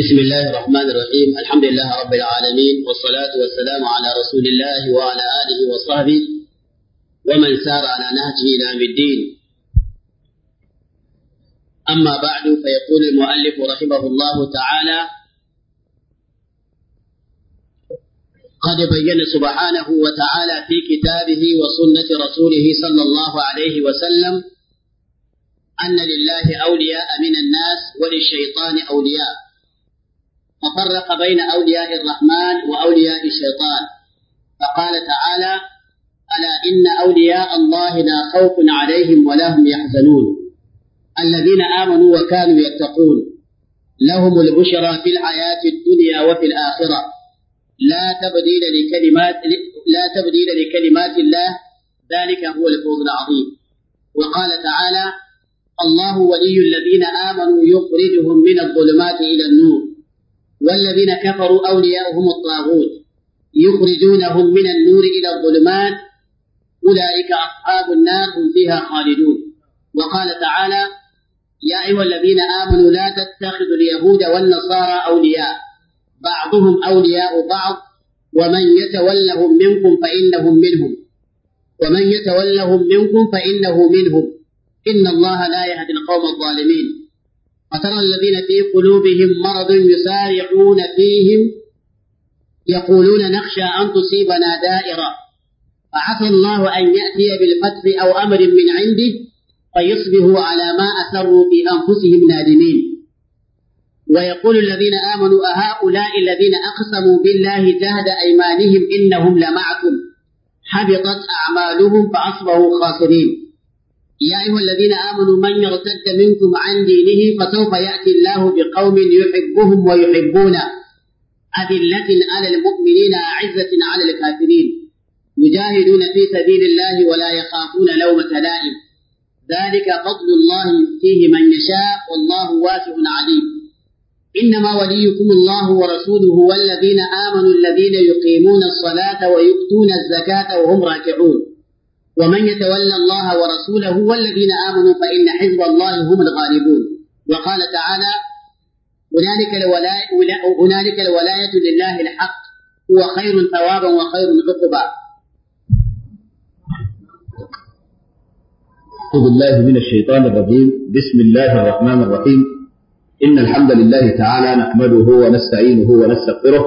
بسم الله الرحمن الرحيم الحمد لله رب العالمين والصلاة والسلام على رسول الله وعلى آله وصحبه ومن سار على نهجه إلى الدين أما بعد فيقول المؤلف رحمه الله تعالى قد بين سبحانه وتعالى في كتابه وسنة رسوله صلى الله عليه وسلم أن لله أولياء من الناس وللشيطان أولياء ففرق بين أولياء الرحمن وأولياء الشيطان فقال تعالى ألا إن أولياء الله لا خوف عليهم ولا هم يحزنون الذين آمنوا وكانوا يتقون لهم البشرى في الحياة الدنيا وفي الآخرة لا تبديل لكلمات لا تبديل لكلمات الله ذلك هو الفوز العظيم وقال تعالى الله ولي الذين آمنوا يخرجهم من الظلمات إلى النور والذين كفروا أولياؤهم الطاغوت يخرجونهم من النور إلى الظلمات أولئك أصحاب النار هم فيها خالدون وقال تعالى يا أيها الذين آمنوا لا تتخذوا اليهود والنصارى أولياء بعضهم أولياء بعض ومن يتولهم منكم فإنه منهم ومن يتولهم منكم فإنه منهم إن الله لا يهدي القوم الظالمين وترى الذين في قلوبهم مرض يسارعون فيهم يقولون نخشى أن تصيبنا دائرة فعسى الله أن يأتي بالفتح أو أمر من عنده فيصبحوا على ما أسروا في أنفسهم نادمين ويقول الذين آمنوا أهؤلاء الذين أقسموا بالله جهد أيمانهم إنهم لمعكم حبطت أعمالهم فأصبحوا خاسرين يا أيها الذين آمنوا من يرتد منكم عن دينه فسوف يأتي الله بقوم يحبهم ويحبونه أذلة على المؤمنين أعزة على الكافرين يجاهدون في سبيل الله ولا يخافون لومة لائم ذلك فضل الله يؤتيه من يشاء والله واسع عليم إنما وليكم الله ورسوله والذين آمنوا الذين يقيمون الصلاة ويؤتون الزكاة وهم راكعون ومن يتولى الله ورسوله والذين آمنوا فإن حزب الله هم الغالبون وقال تعالى هنالك الولاية, هنالك الولاية لله الحق هو خير ثوابا وخير عقبا أعوذ بالله من الشيطان الرجيم بسم الله الرحمن الرحيم إن الحمد لله تعالى نحمده ونستعينه ونستغفره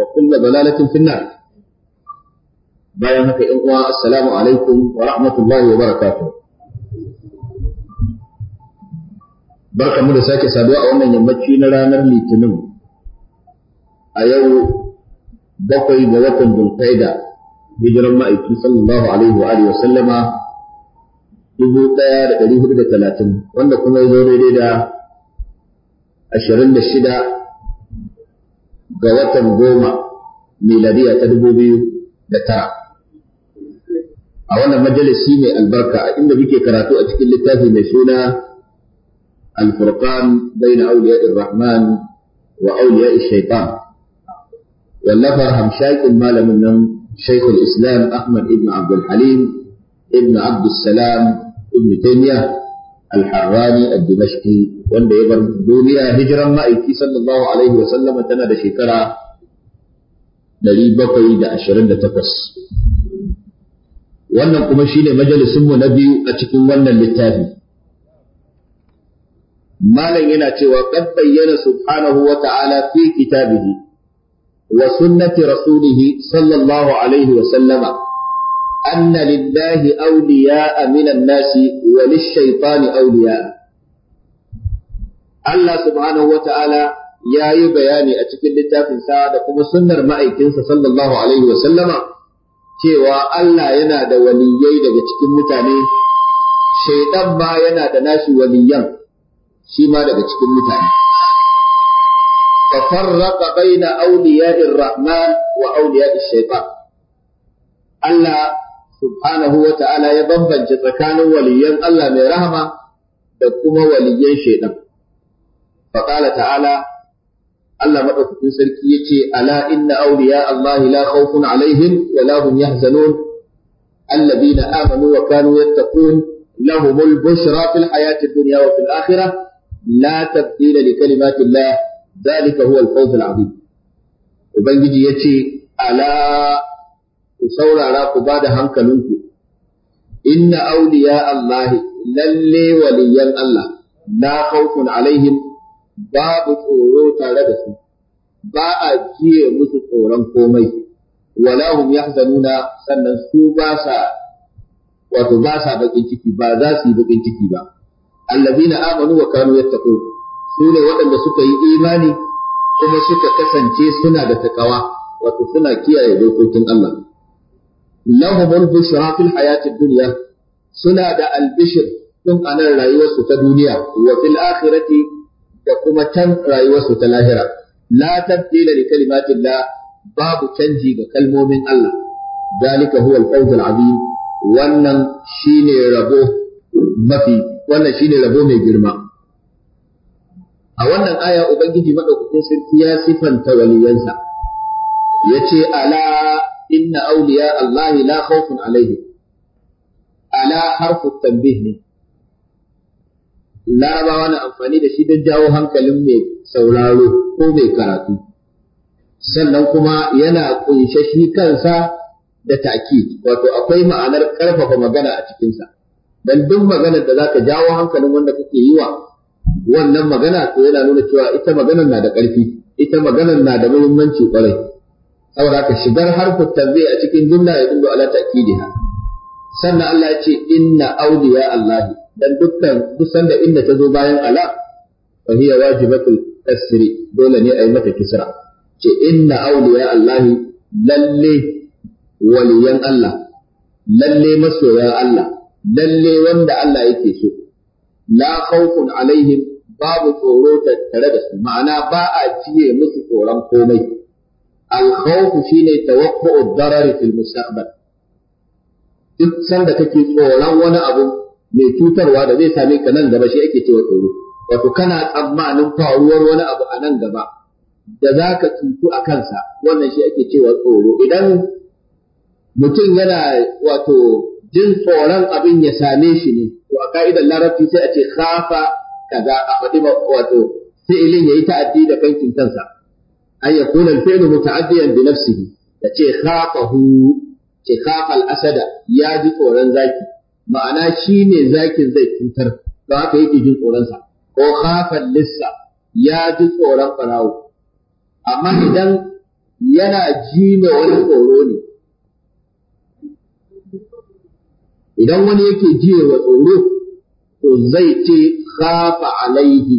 wa kulla dalalatin fi nar bayan haka in uwa assalamu alaikum wa rahmatullahi wa barakatuh barka mu da sake saduwa a wannan yammaci na ranar litinin a yau bakwai ga watan dulkaida hijiran ma'aikin sallallahu alaihi wa alihi wa sallama dubu ɗaya da ɗari hudu da talatin wanda kuma ya zo daidai da ashirin da shida ga watan goma miladiya ta dubu biyu da tara. A wannan majalisi mai albarka a inda muke karatu a cikin littafi mai suna Al-Furqan baina auliya Rahman wa auliya Shaitan. Wallafar hamshakin malamin nan شيخ الإسلام أحمد بن عبد الحليم بن عبد السلام بن تيمية الحراني الدمشقي wanda ya bar duniya hijiran ma'aiki sallallahu alaihi wa sallam tana da shekara 728 wannan kuma shine majalisin mu na biyu a cikin wannan littafi malam yana cewa qad bayyana subhanahu wa ta'ala fi kitabihi wa sunnati rasulihi sallallahu alaihi wa sallama أن لله أولياء من الناس وللشيطان أولياء Allah subhanahu ta'ala ya yi bayani a cikin littafinsa da kuma sunnar ma'aikinsa sallallahu alaihi wa sallama cewa Allah yana da waliyai daga cikin mutane shaidan ma yana da nashi waliyan shi ma daga cikin mutane ففرق بين rahman wa وأولياء الشيطان Allah subhanahu wa ta'ala ya bambance tsakanin waliyan Allah mai rahama da kuma waliyan shaidan. faƙala ta'ala Allah maɗaukakin sarki ya ce ala inna auliya Allah la khawfun alaihim wa la hum yahzanun alladhina amanu wa kanu yattaqun lahumul bushra fil hayati dunya wa fil la tabdila li kalimati Allah dhalika huwa al ubangiji ya ce ala ku saurara ku ba da hankalinku inna auliya Allah lalle waliyan Allah la babu tsoro tare da su ba a jiye musu tsoron komai wala hum yahzanuna sannan su ba sa wato ba sa bakin ciki ba za su yi bakin ciki ba allazina amanu wa kanu yattaqun su ne waɗanda suka yi imani kuma suka kasance suna da takawa wato suna kiyaye dokokin Allah lahumul bushra fil hayatid dunya suna da albishir tun anan rayuwarsu ta duniya wa fil akhirati da kuma can rayuwarsu ta lahira la tabdila li kalimatillah babu canji ga kalmomin Allah dalika huwa al-fawz azim wannan shine rabo mafi wannan shine rabo mai girma a wannan aya ubangiji madaukakin sarki ya sifanta waliyansa yace ala inna awliya Allah la khawfun alaihim ala harfu tanbih ne larabawa na amfani da shi don jawo hankalin mai sauraro ko mai karatu sannan kuma yana kunshe shi kansa da ta'kid wato akwai ma'anar karfafa magana a cikinsa Don duk maganar da ka jawo hankalin wanda kake yi wa wannan magana to yana nuna cewa ita maganar na da ƙarfi ita maganar na da muhimmanci ƙwarai, saboda ka shigar harkar tambayi a cikin jumla ya dindo ala ta'kidiha sannan Allah ya ce inna awliya Allah dan dukkan duk sanda inda ta zo bayan ala fa hiya wajibatul kasri dole ne a yi mata kisra ce inna awliya Allah lalle waliyan Allah lalle masoya Allah lalle wanda Allah yake so la khawfun alaihim babu tsoro tattare da su ma'ana ba a ciye musu tsoron komai al khawfu shine tawaqqu'ud darari fil mustaqbal duk sanda kake tsoron wani abu mai cutarwa da zai same ka nan gaba shi ake cewa tsoro wato kana tsammanin faruwar wani abu a nan gaba da za ka cutu a kansa wannan shi ake cewa tsoro idan mutum yana wato jin tsoron abin ya same shi ne to a ka'idar larabci sai a ce khafa kaza a faɗi wato fi'ilin yayi ta'addi da kankin kansa ay yakuna al-fi'lu muta'addiyan bi nafsihi ta ce khafahu ikhafal asada ya ji tsoron zaki ma'ana shi ne zakin zai cutar don haka yake jin tsoronsa ko khafal lissa ya ji tsoron farawo amma idan yana ji wani tsoro ne idan wani yake ji wa tsoro to zai ce khafa alaihi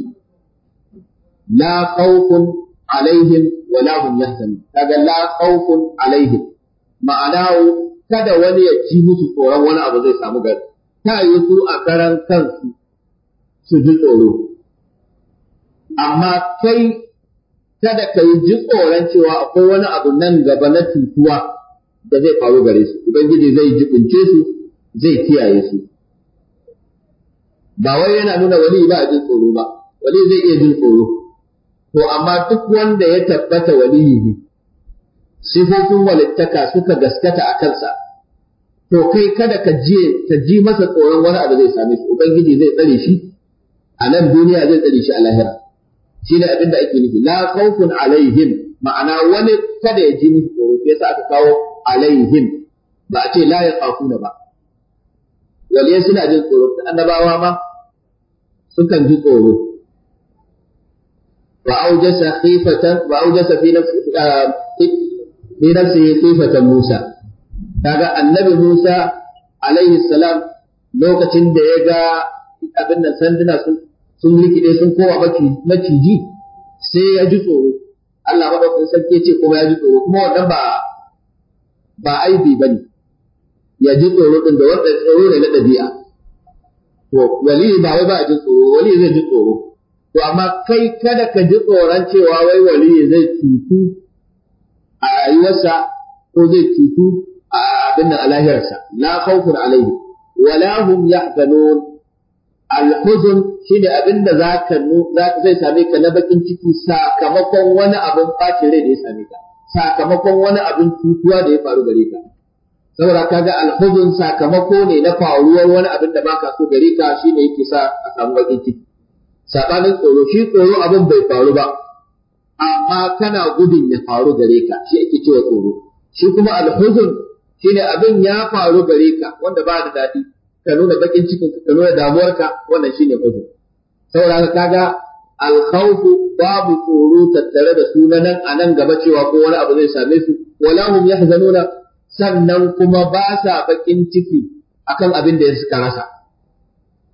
la khawfun alaihim wala hum yahzanun kaga la khawfun alaihim ma'ana kada wani ya ci musu tsoron wani abu zai samu gari ta yi su a karan kansu su ji tsoro amma kai kada ka yi ji tsoron cewa akwai wani abu nan gaba na cutuwa da zai faru gare su ubangiji zai ji jibince su zai kiyaye su ba wai yana nuna wani ba a jin tsoro ba wani zai iya jin tsoro to amma duk wanda ya tabbata wani ne sifofin walittaka suka gaskata a kansa to kai kada ka je ta ji masa tsoron wani abu zai same shi ubangiji zai tsare shi a nan duniya zai tsare shi a lahira shi ne abin da ake nufi la khawfun alaihim ma'ana wani kada ya ji musu tsoro sai sa aka kawo alaihim ba a ce la yaqafuna ba waliyai suna jin tsoro annabawa ma sukan ji tsoro khifatan wa aujasa fi nafsi ah, bi nafsihi qifatan Musa kaga annabi Musa alaihi salam lokacin da ya ga abin nan sanduna sun sun rikide sun koma maciji sai ya ji tsoro Allah madaukakin sarki ce kuma ya ji tsoro kuma wannan ba ba aibi bane ya ji tsoro din da wannan tsoro ne na dabi'a to wali ba wai ba ji tsoro wali zai ji tsoro to amma kai kada ka ji tsoron cewa wai wali zai cutu a rayuwarsa ko zai cutu a abin nan a lahirarsa la khawfun alaihi la hum yahzanun al-huzn shine abin da zaka zaka zai same ka na bakin ciki sakamakon wani abin bacin rai da ya same ka sakamakon wani abin cutuwa da ya faru gare ka saboda kaga al-huzn sakamako ne na faruwar wani abin da baka so gare ka shine yake sa a samu bakin ciki sakamakon tsoro shi tsoro abin bai faru ba amma kana gudun ya faru gare ka shi ake cewa tsoro shi kuma alhuzun shine abin ya faru gare ka wanda ba da daɗi ka nuna bakin cikin ka nuna damuwarka wannan shine huzun saboda kaga alkhawfu babu tsoro tattare da su nan a nan gaba cewa ko wani abu zai same su wala hum yahzanuna sannan kuma ba sa bakin ciki akan abin da ya suka rasa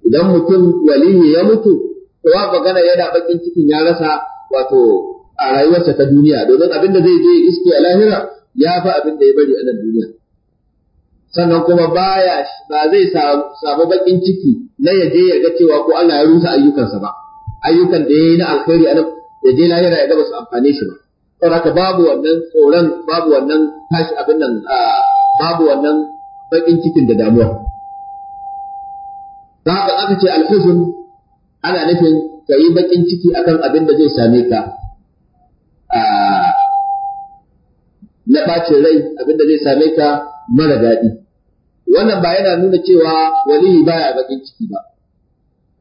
idan mutum waliyu ya mutu to ba magana yana bakin cikin ya rasa wato a rayuwarsa ta duniya domin abin da zai je ya iske a lahira ya fi abin da ya bari a nan duniya sannan kuma baya ba zai samu bakin ciki na ya je ya ga cewa ko Allah ya rusa ayyukansa ba ayyukan da ya yi na alkhairi a nan ya je lahira ya ga su amfane shi ba haka babu wannan tsoron babu wannan tashi abin nan babu wannan bakin cikin da damuwa za haka aka ce alhuzun ana nufin ka yi bakin ciki akan abin da zai same ka na ɓacin rai abinda zai same ka mara daɗi wannan ba yana nuna cewa waliyi baya bakin ciki ba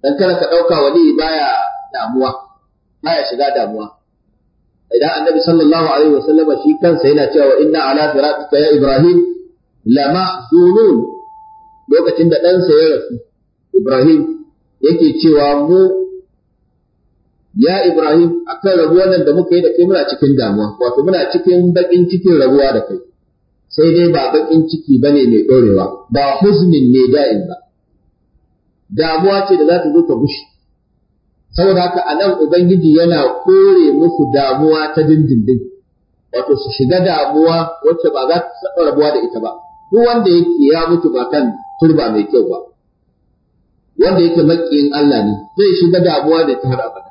dan kana ka ɗauka waliyi baya damuwa baya shiga damuwa idan annabi sallallahu alaihi wa sallama shi kansa yana cewa inna ala firaqika ya ibrahim la mahzunun lokacin da ɗansa ya rasu ibrahim yake cewa mu ya Ibrahim akan rabuwar nan da muka yi da kai muna cikin damuwa wato muna cikin bakin cikin rabuwa da kai sai dai ba bakin ciki bane mai dorewa ba huzmin ne da'in ba damuwa ce da za ta zo ta bushe saboda haka a nan ubangiji yana kore musu damuwa ta dindindin wato su shiga damuwa wacce ba za ta saba rabuwa da ita ba duk wanda yake ya mutu ba kan turba mai kyau ba wanda yake maƙiyin Allah ne zai shiga damuwa da ta har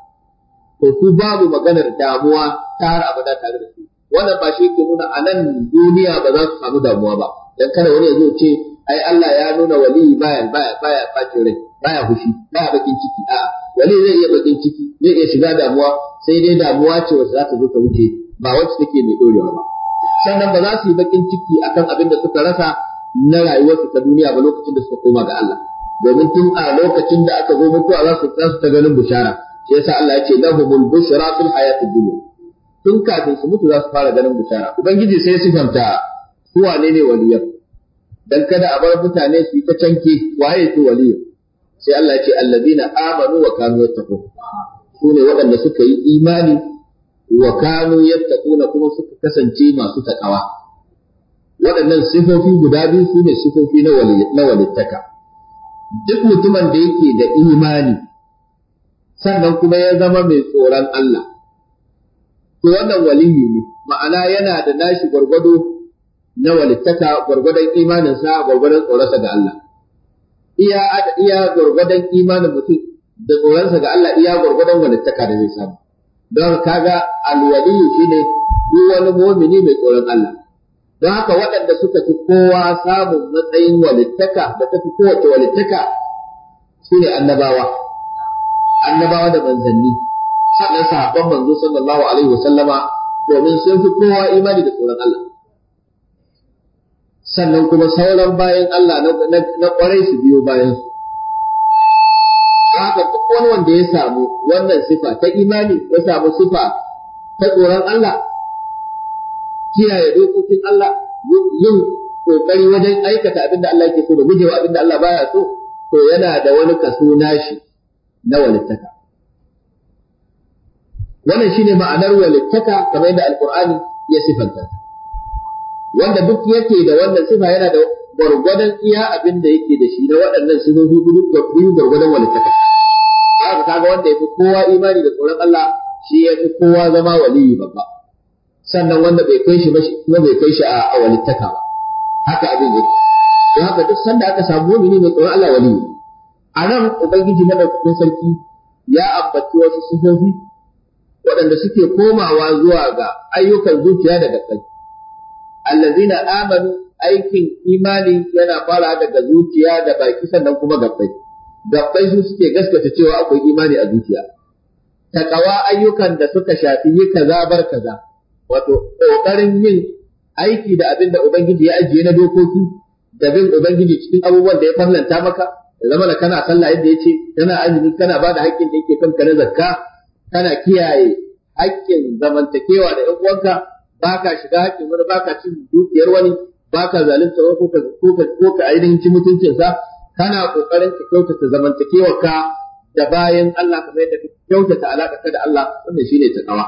to su babu maganar damuwa ta har abada tare da su wannan ba shi ke nuna a nan duniya ba za su samu damuwa ba dan kada wani ya zo ce ai Allah ya nuna wali baya baya baya bacin rai baya fushi baya bakin ciki a wali zai iya bakin ciki zai iya shiga damuwa sai dai damuwa ce wacce za ta zo ta wuce ba wacce take mai dorewa ba sannan ba za su yi bakin ciki akan abin da suka rasa na rayuwarsu ta duniya ba lokacin da suka koma ga Allah domin tun a lokacin da aka zo mutuwa za su ta ganin bishara shi yasa Allah ya ce lahumul bushra fil hayatid dunya tun kafin su mutu za su fara ganin bushara ubangiji sai su fanta su wane ne waliyar? dan kada a bar mutane su yi ta canke waye su waliyan sai Allah ya ce allazina amanu wa kanu yattaqun su ne waɗanda suka yi imani wa kanu yattaquna kuma suka kasance masu takawa waɗannan sifofi guda biyu su ne sifofi na walittaka duk mutumin da yake da imani sannan kuma ya zama mai tsoron Allah to wannan waliyi ne ma'ana yana da nashi gwargwado na walittaka gwargwadon imaninsa gwargwadon tsoronsa ga Allah iya iya gwargwadon imanin mutum da tsoronsa ga Allah iya gwargwadon walittaka da zai samu don kaga shi shine duk wani mu'mini mai tsoron Allah don haka waɗanda suka fi kowa samun matsayin walittaka da ta fi kowace walittaka su ne annabawa annabawa da manzanni sannan sahabban manzo sallallahu alaihi Sallama domin sun fi kowa imani da tsoron Allah sannan kuma sauran bayan Allah na kwarai su biyo bayan su haka duk wani wanda ya samu wannan sifa ta imani ya samu sifa ta tsoron Allah kiyaye dokokin Allah yin kokari wajen aikata abin da Allah yake so da gujewa abin da Allah baya so to yana da wani kaso nashi na walittaka wannan shine ma'anar walittaka kamar yadda alqur'ani ya sifanta wanda duk yake da wannan sifa yana da gwargwadon iya abin da yake da shi na waɗannan sifofi biyu gwargwadon walittaka haka ga wanda ya fi kowa imani da tsoron Allah shi ya fi kowa zama waliyi babba sannan wanda bai kai shi kuma bai kai shi a walittaka ba haka abin yake don haka duk sanda aka samu mumini mai tsoron Allah waliyi a nan ubangiji na ɗaukakin sarki ya ambaci wasu sifofi waɗanda suke komawa zuwa ga ayyukan zuciya da gaskai allazina amanu aikin imani yana fara daga zuciya da baki sannan kuma gabbai gabbai su suke gaskata cewa akwai imani a zuciya takawa ayyukan da suka shafi yi kaza bar kaza wato ƙoƙarin yin aiki da abin da ubangiji ya ajiye na dokoki da bin ubangiji cikin abubuwan da ya farlanta maka da zama da kana sallah yadda yace kana azumi kana bada haƙƙin da yake kanka na zakka kana kiyaye haƙƙin zamantakewa da ƴan uwanka baka shiga haƙƙin wani baka cin dukiyar wani baka zalunta wani ko ka ko ka ko ka ainihin ci mutuncinsa kana kokarin ka kyautata ka da bayan Allah kamar yadda ka kyautata alaƙarka da Allah wannan shine kawa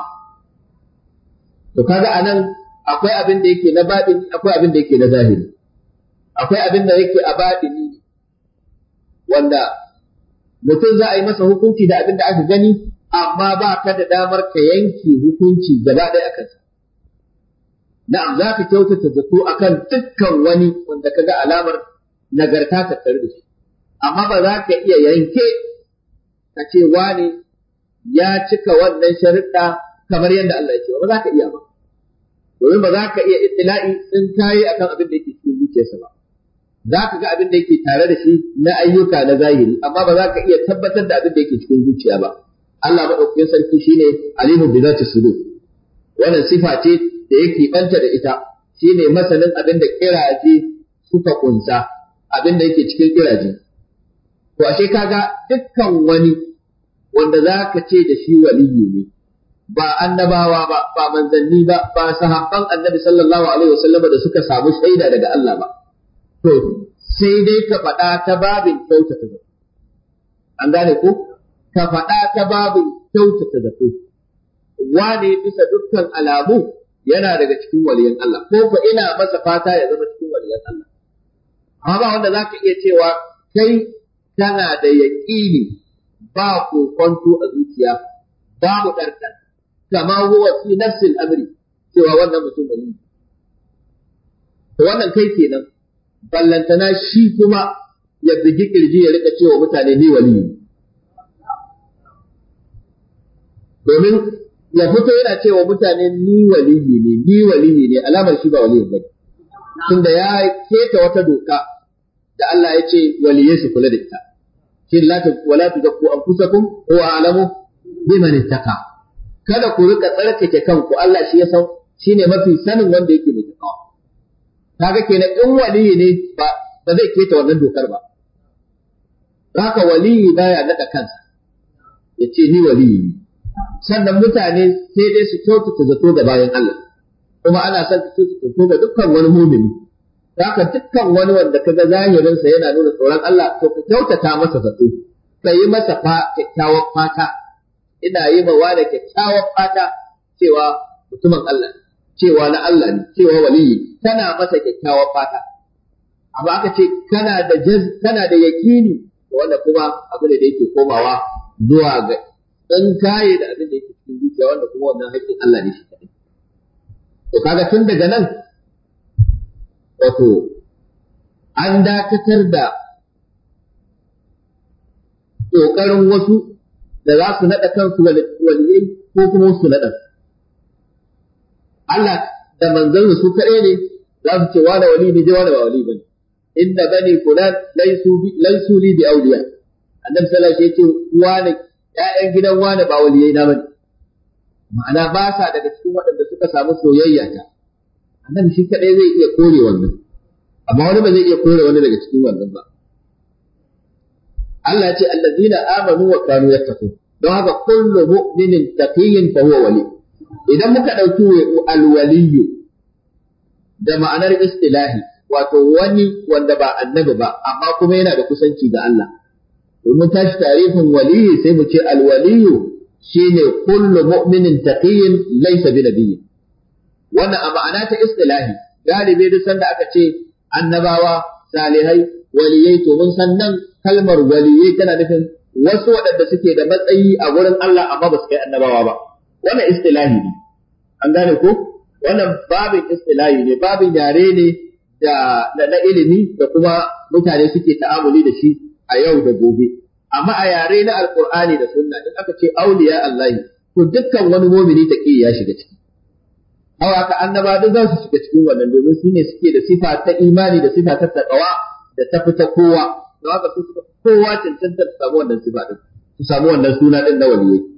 to kaga anan akwai abin da yake na baɗini akwai abin da yake na zahiri akwai abin da yake a baɗini wanda mutum za a yi masa hukunci da abin da aka gani amma ba ka da damar ka yanke hukunci gaba ɗaya a kansa. Na'am za ka kyautata zato akan dukkan wani wanda ka ga alamar nagarta tare da shi, amma ba za ka iya yanke ka ce wani ya cika wannan sharuɗa kamar yadda Allah ya ce ba za ka iya ba. Domin ba za ka iya itila'i sun kayi akan abin da yake cikin zuciyarsa ba. za ka ga abin da yake tare da shi na ayyuka na zahiri amma ba za ka iya tabbatar da abin da yake cikin zuciya ba Allah ɗauki sarki shine alimu bi zati sudur wannan sifa ce da yake banta da ita shine masanin abin da kiraje suka ƙunsa abin da yake cikin kiraje to ashe ga dukkan wani wanda za ka ce da shi waliyi ne ba annabawa ba ba manzanni ba ba sahabban annabi sallallahu alaihi wasallam da suka samu shaida daga Allah ba to sai dai ka faɗa ta babin kyautata zato an gane ku? ka faɗa ta babin kyautata zato wane bisa dukkan alamu yana daga cikin waliyan Allah ko fa ina masa fata ya zama cikin waliyan Allah amma ba wanda ka iya cewa kai tana da yaƙini ba kwanto a zuciya babu ɗarkar kama huwa fi nafsin amri cewa wannan mutum wali wannan kai kenan ballantana shi kuma ya bigi kirji ya rika cewa mutane ni wali domin ya fito yana cewa mutane ni wali ne ni wali ne alamar shi ba waliyi ba tunda ya keta wata doka da Allah ya ce waliyai su kula da ita shin la ta wala tuzakku anfusakum huwa a'lamu biman ittaqa kada ku rika tsarkake kanku Allah shi ya san shine mafi sanin wanda yake mai takawa kaga kenan ɗin waliyi ne ba ba zai keta wannan dokar ba haka waliyi baya naɗa kansa ya ce ni waliyi ne sannan mutane sai dai su kyautata zato ga bayan Allah kuma ana son su kyautata zato ga dukkan wani mumini haka dukkan wani wanda ka kaga zahirinsa yana nuna tsoron Allah to ka kyautata masa zato ka yi masa kyakkyawan fata ina yi ma wani kyakkyawan fata cewa mutumin Allah ne cewa na Allah ne cewa waliyi tana masa kyakkyawar fata amma aka ce kana da jaz kana da yakini wanda kuma abin da yake komawa zuwa ga dan kaye da abin da yake cikin zuciya wanda kuma wannan haƙƙin Allah ne shi kadai to kaga tun daga nan wato an dakatar da ƙoƙarin wasu da za su naɗa kansu waliyai ko kuma su naɗa Allah da manzon su kare ne za su ce wani wali ne wani ba wali bane inna bani fulan laysu laysu li bi awliya annabi sallallahu alaihi wasallam ya ce wani ƴaƴan gidan wani ba waliyai na bane ma'ana ba sa daga cikin waɗanda suka samu soyayya ta annabi shi kadai zai iya kore wannan amma wani ba zai iya kore wani daga cikin wannan ba Allah ya ce allazina amanu wa kanu yattaqun don haka kullu mu'minin taqiyyin fa huwa wali. idan muka ɗauki alwaliyu da ma'anar istilahi wato wani wanda ba annabi ba amma kuma yana da kusanci ga Allah domin tashi tarihin waliyi sai mu ce alwaliyu shine kullu mu'minin taqiyyin laysa bi nabiyyi wannan a ma'ana ta istilahi galibi duk sanda aka ce annabawa salihai waliyai to mun san nan kalmar waliyai tana nufin wasu waɗanda suke da matsayi a gurin Allah amma ba su kai annabawa ba wannan istilahi ne an gane ko wannan babin istilahi ne babin yare ne da na ilimi da kuma mutane suke ta'amuli da shi a yau da gobe amma a yare na Alkur'ani da sunna in aka ce auliya allahi to dukkan wani mumini ke ya shiga ciki hawa ka annaba duk za su shiga cikin wannan domin su ne suke da sifa ta imani da sifa ta takawa da ta fita kowa haka su kowa cancanta su samu wannan sifa din su samu wannan suna din na waliyai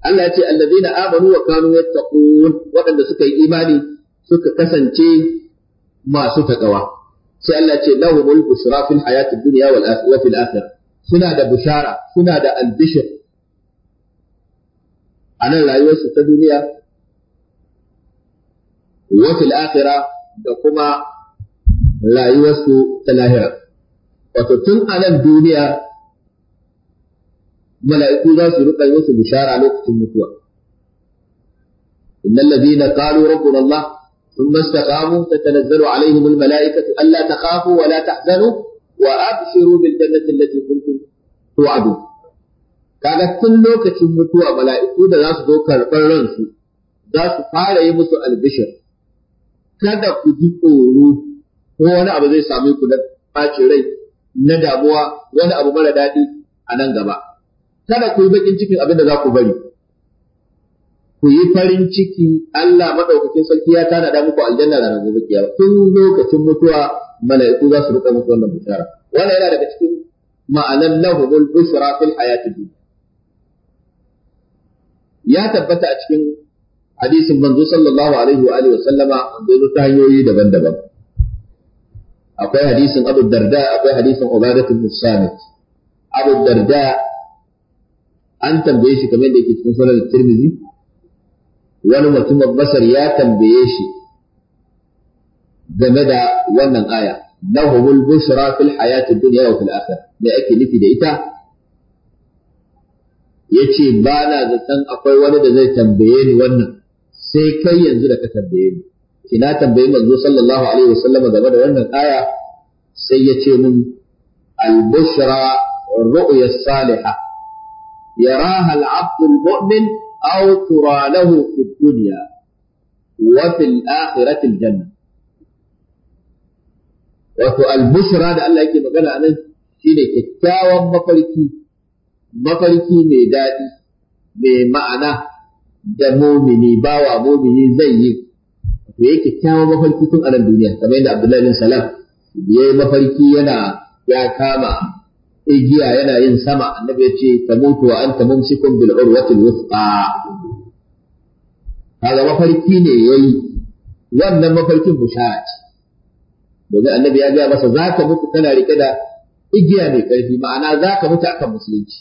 Allah ya ce allazina amanu wa kanu yattaqun waɗanda suka yi imani suka kasance masu takawa sai Allah ya ce lahumul busra fil hayatid dunya wal akhirah fil akhirah suna da bushara suna da albishir a nan rayuwarsu ta duniya wa fil akhirah da kuma rayuwarsu ta lahira wato tun a nan duniya mala'iku za su riƙa musu bishara lokacin mutuwa innal ladina qalu rabbuna allah ثم استقاموا تتنزل عليهم الملائكة ألا تخافوا ولا تحزنوا وأبشروا بالجنة التي كنتم توعدون kaga tun lokacin mutuwa mala'iku da za su zo karɓar ransu za su fara yi musu albishir kada ku ji tsoro ko wani abu zai same ku na rai na damuwa wani abu mara daɗi a nan gaba kada ku yi bakin cikin abin da za ku bari ku yi farin ciki Allah madaukakin sarki ya tana da muku aljanna da ranar gobe kiyama tun lokacin mutuwa mala'iku za su rika muku wannan bishara wannan yana daga cikin ma'anan lahumul bushra fil hayatid dunya ya tabbata a cikin hadisin manzo sallallahu alaihi wa alihi wa sallama wanda yazo ta hanyoyi daban-daban akwai hadisin Abu Darda akwai hadisin Ubadah ibn Samit Abu Darda an tambaye shi kamar da yake cikin sunan tirmizi wani mutumin basar ya tambaye shi game da wannan aya lahumul busra fil hayati dunya wa fil akhirah me ake nufi da ita yace ba na zaton akwai wani da zai tambaye ni wannan sai kai yanzu da ka tambaye ni ina tambayi manzo sallallahu alaihi wasallam game da wannan aya sai ya ce mun al-bushra ru'ya salihah يراها العبد المؤمن أو ترى له في الدنيا وفي الآخرة الجنة wato albushra da Allah yake magana nan shine kyakkyawan mafarki mafarki mai daɗi mai ma'ana da mumini bawa mumini zai yi Wato ya kyakkyawan mafarki tun a nan duniya kamar yadda Abdullahi bin Salam ya yi mafarki yana ya kama igiya yana yin sama annabi ya ce mutu wa anta mumsikun bil urwatil wuthqa kaga mafarki ne yayi wannan mafarkin bushara ce domin annabi ya ga masa zaka mutu kana rike da igiya mai karfi ma'ana za ka mutu akan musulunci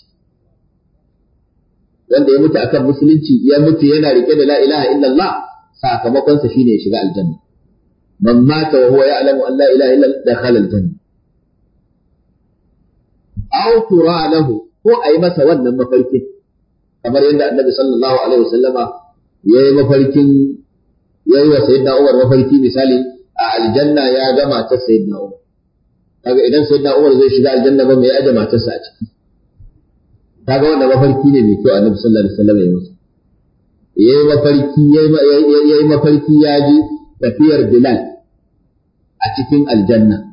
wanda ya mutu akan musulunci ya mutu yana rike da la ilaha illallah sakamakonsa shine ya shiga aljanna man mata wa huwa ya'lamu an la ilaha illallah dakhala aljanna aw tura lahu ko ayi masa wannan mafarkin kamar yadda annabi sallallahu alaihi wasallama ya yi mafarkin ya yi wa sayyidina Umar mafarki misali a aljanna ya ga matar sayyidina Umar kaga idan sayyidina Umar zai shiga aljanna ba mai aje matarsa a ciki kaga wannan mafarki ne mai kyau annabi sallallahu alaihi wasallam ya masa yayi mafarki yayi mafarki ya ji tafiyar Bilal a cikin aljanna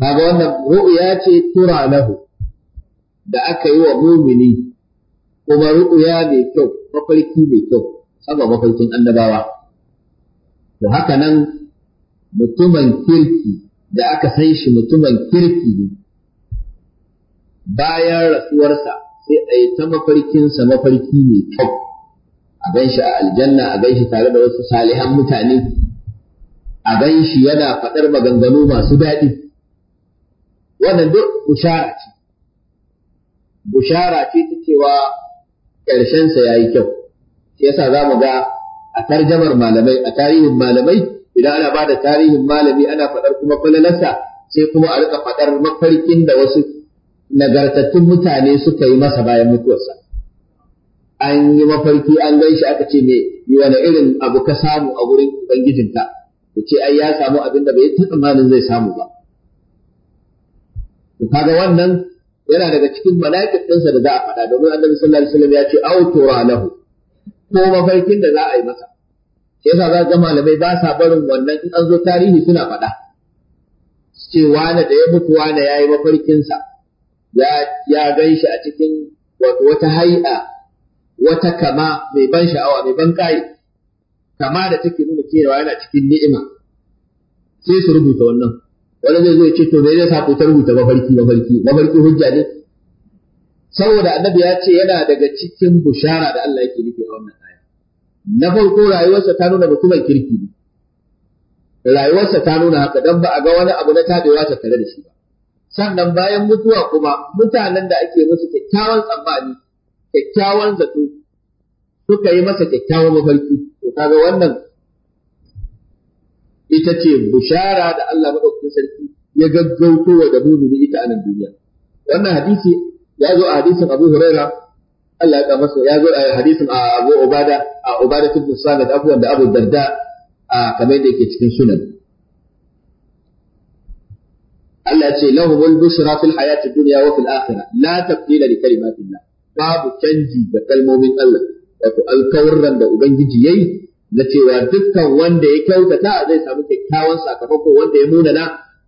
kaga wannan ru'ya ce tura lahu da aka yi wa mumini kuma ru'ya mai kyau mafarki mai kyau saba mafarkin annabawa to haka nan mutumin kirki da aka san shi mutumin kirki ne bayan rasuwarsa sai a yi ta mafarkinsa mafarki mai kyau a gan shi a aljanna a gan shi tare da wasu salihan mutane a gan shi yana faɗar maganganu masu daɗi wannan duk bushara ce bushara ce ta cewa ƙarshensa ya yi kyau shi yasa za mu ga a tarjamar malamai a tarihin malamai idan ana ba da tarihin malami ana faɗar kuma falalarsa sai kuma a rika faɗar mafarkin da wasu nagartattun mutane suka yi masa bayan mutuwarsa an yi mafarki an gan shi aka ce me wani irin abu ka samu a wurin ubangijinka ka ce ai ya samu abin da bai taɓa malin zai samu ba kaga wannan yana daga cikin mala'ikat ɗinsa da za a faɗa domin annabi sallallahu alaihi wasallam ya ce au tura lahu ko mafarkin da za a yi masa sai yasa za ga malamai ba sa barin wannan in an zo tarihi suna faɗa ce wani da ya mutu wani ya yi mafarkinsa ya ya gan a cikin wato wata hai'a wata kama mai ban sha'awa mai ban kai kama da take nuna cewa yana cikin ni'ima sai su rubuta wannan wani zai zai ce to me zai sa ta rubuta mafarki mafarki mafarki hujja ne saboda annabi ya ce yana daga cikin bushara da Allah yake nufi a wannan aya na farko rayuwarsa ta nuna mutumin kirki ne rayuwarsa ta nuna haka dan ba a ga wani abu na tabewa ta tare da shi ba sannan bayan mutuwa kuma mutanen da ake musu kyakkyawan tsammani kyakkyawan zato suka yi masa kyakkyawan mafarki to kaga wannan ita ce bushara da Allah madaukakin sarki ya gaggauto wa da mumini ita a nan duniya wannan hadisi ya zo a hadisin Abu Huraira Allah ya masa ya zo a hadisin Abu Ubada a Ubada ibn Samit afwan da Abu Darda a kamar da yake cikin sunan Allah ce lahu lahumul bushra fil hayati dunya wa fil akhirah la tabdila li kalimatillah babu canji ga kalmomin Allah wato alkawarran da ubangiji yayi na cewa dukkan wanda ya kyautata zai samu kyakkyawan sakamako wanda ya munana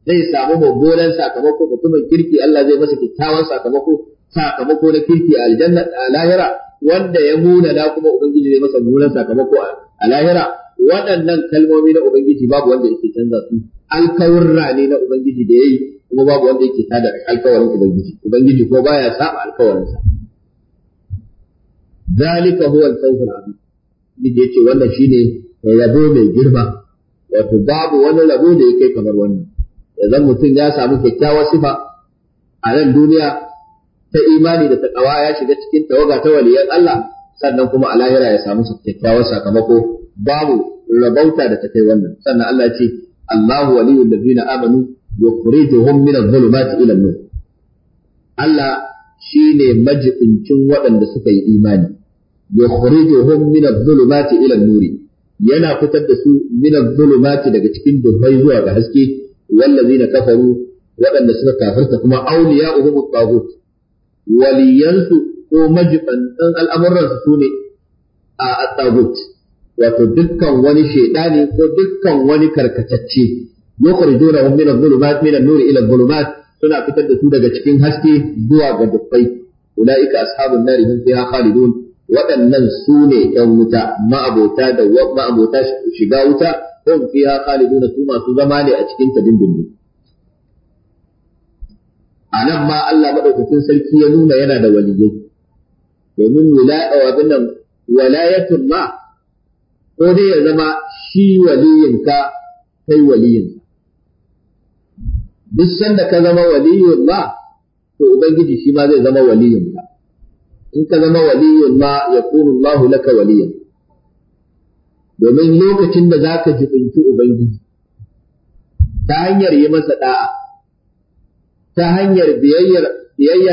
zai samu mummunan sakamako mutumin kirki Allah zai masa kyakkyawan sakamako sakamako na kirki a aljanna a lahira wanda ya munana kuma ubangiji zai masa mummunan sakamako a lahira waɗannan kalmomi na ubangiji babu wanda yake canza su alkawarra ne na ubangiji da yayi kuma babu wanda yake tada alkawarin ubangiji ubangiji kuma baya saba alkawarinsa zalika huwa al-fawzul azim inda yace wannan shine rabo mai girma wato babu wani rabo da ya kai kamar wannan idan mutum ya samu kyakkyawar sifa a nan duniya ta imani da takawa ya shiga cikin tawaga ta waliyan Allah sannan kuma a lahira ya samu kyakkyawar sakamako babu rabauta da ta kai wannan sannan Allah ya ce Allahu waliyul ladina amanu yukhrijuhum min adh-dhulumati ila an-nur Allah shine majibincin waɗanda suka yi imani yukhrijuhum min adh-dhulumati ila an yana fitar da su min adh daga cikin dubai zuwa ga haske wallazina kafaru waɗanda suka kafirta kuma awliya'uhum at-taghut waliyansu ko majibantan al'amuransu su ne a at wato dukkan wani shaidani ko dukkan wani karkatacce yukhrijunahum suna fitar da su daga cikin haske zuwa ga dubbai ulaika ashabun nari hum fiha khalidun waɗannan su ne ‘yan wuta ma'abota da ma'abota shiga wuta ko fiha khalidun su masu zama ne a cikin ta dindindin a nan ma Allah madaukakin sarki ya nuna yana da waliyai domin wula'a wa binan walayatun ma ko dai ya zama shi ka kai waliyin. duk sanda ka zama waliyin ma to ubangiji shi ma zai zama ka. in ka zama waliyun ma ya kunu Allah laka waliyan domin lokacin da za ka jibinci Ubangiji ta hanyar yi masa da'a ta hanyar biyayya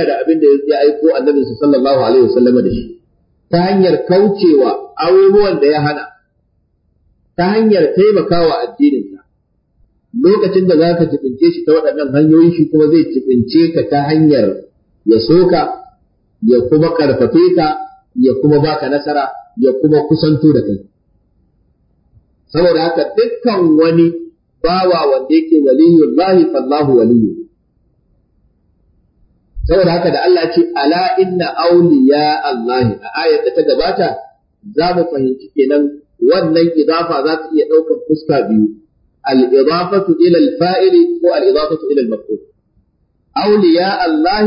da abin da ya aiko annabinsa sallallahu alaihi wasallama da shi ta hanyar kaucewa abubuwan da ya hana ta hanyar taimakawa addininsa lokacin da za ka jibince shi ta waɗannan hanyoyin shi kuma zai jibince ka ta hanyar ya soka ya kuma karfafe ka ya kuma baka nasara ya kuma kusanto da kai saboda haka dukkan wani bawa wanda yake waliyun lahi fallahu waliyu saboda haka da Allah ce ala inna awliya Allah a ayar da ta gabata za mu fahimci kenan wannan idafa za ta iya ɗaukar fuska biyu al-idafatu ila al-fa'ili ko al-idafatu ila al-maf'ul awliya Allah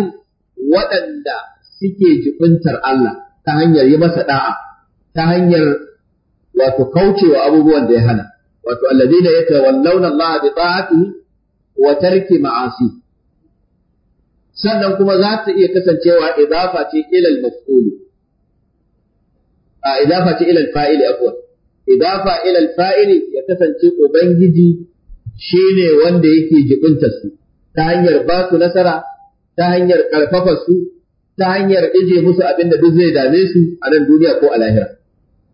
waɗanda suke jibintar Allah ta hanyar yi masa da'a ta hanyar wato kaucewa abubuwan da ya hana wato alladina yatawallawna Allah bi ta'atihi wa tarki ma'asi sannan kuma za ta iya kasancewa idafa ce ila al a idafa ce ila al-fa'ili afwan idafa ila al-fa'ili ya kasance ubangiji shine wanda yake jibintar su ta hanyar ba su nasara ta hanyar karfafa su ta hanyar ije musu abin da duk zai dame su a nan duniya ko a lahira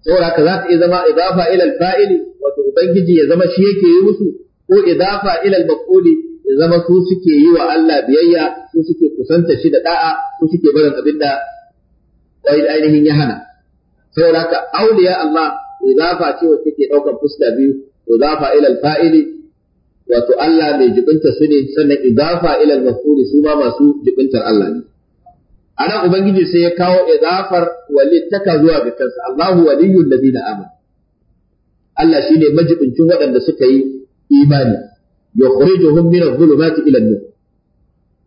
saboda haka za ta iya zama idafa ilal fa'ili wato ubangiji ya zama shi yake yi musu ko idafa ilal maf'uli ya zama su suke yi wa Allah biyayya su suke kusanta shi da da'a su suke barin abin da ainihin ya hana saboda haka auliya Allah idafa ce wacce ke daukan fuska biyu idafa ilal fa'ili wato Allah mai jibinta su ne sannan idafa ilal maf'uli su ma masu jibintar Allah ne A nan, ubangiji sai ya kawo idafar walittaka zuwa ga kansa Allahu waliyyul ladina amanu Allah shine majibincin waɗanda suka yi imani yukhrijuhum min adh-dhulumati ila an-nur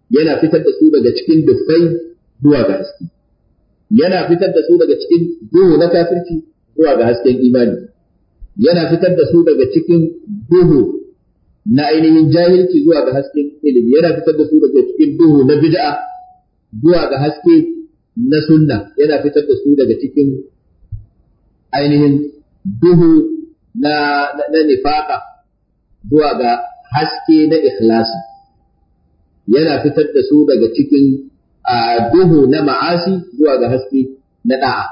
yana fitar da su daga cikin dufai zuwa ga haske yana fitar da su daga cikin duhu na kafirci zuwa ga hasken imani yana fitar da su daga cikin duhu na ainihin jahilci zuwa ga hasken ilimi yana fitar da su daga cikin duhu na bid'a zuwa ga haske na sunna yana fitar da su daga cikin ainihin duhu na, na, nifaka zuwa ga haske na ikhlasi yana fitar da su daga cikin duhu na ma'asi zuwa ga haske na da'a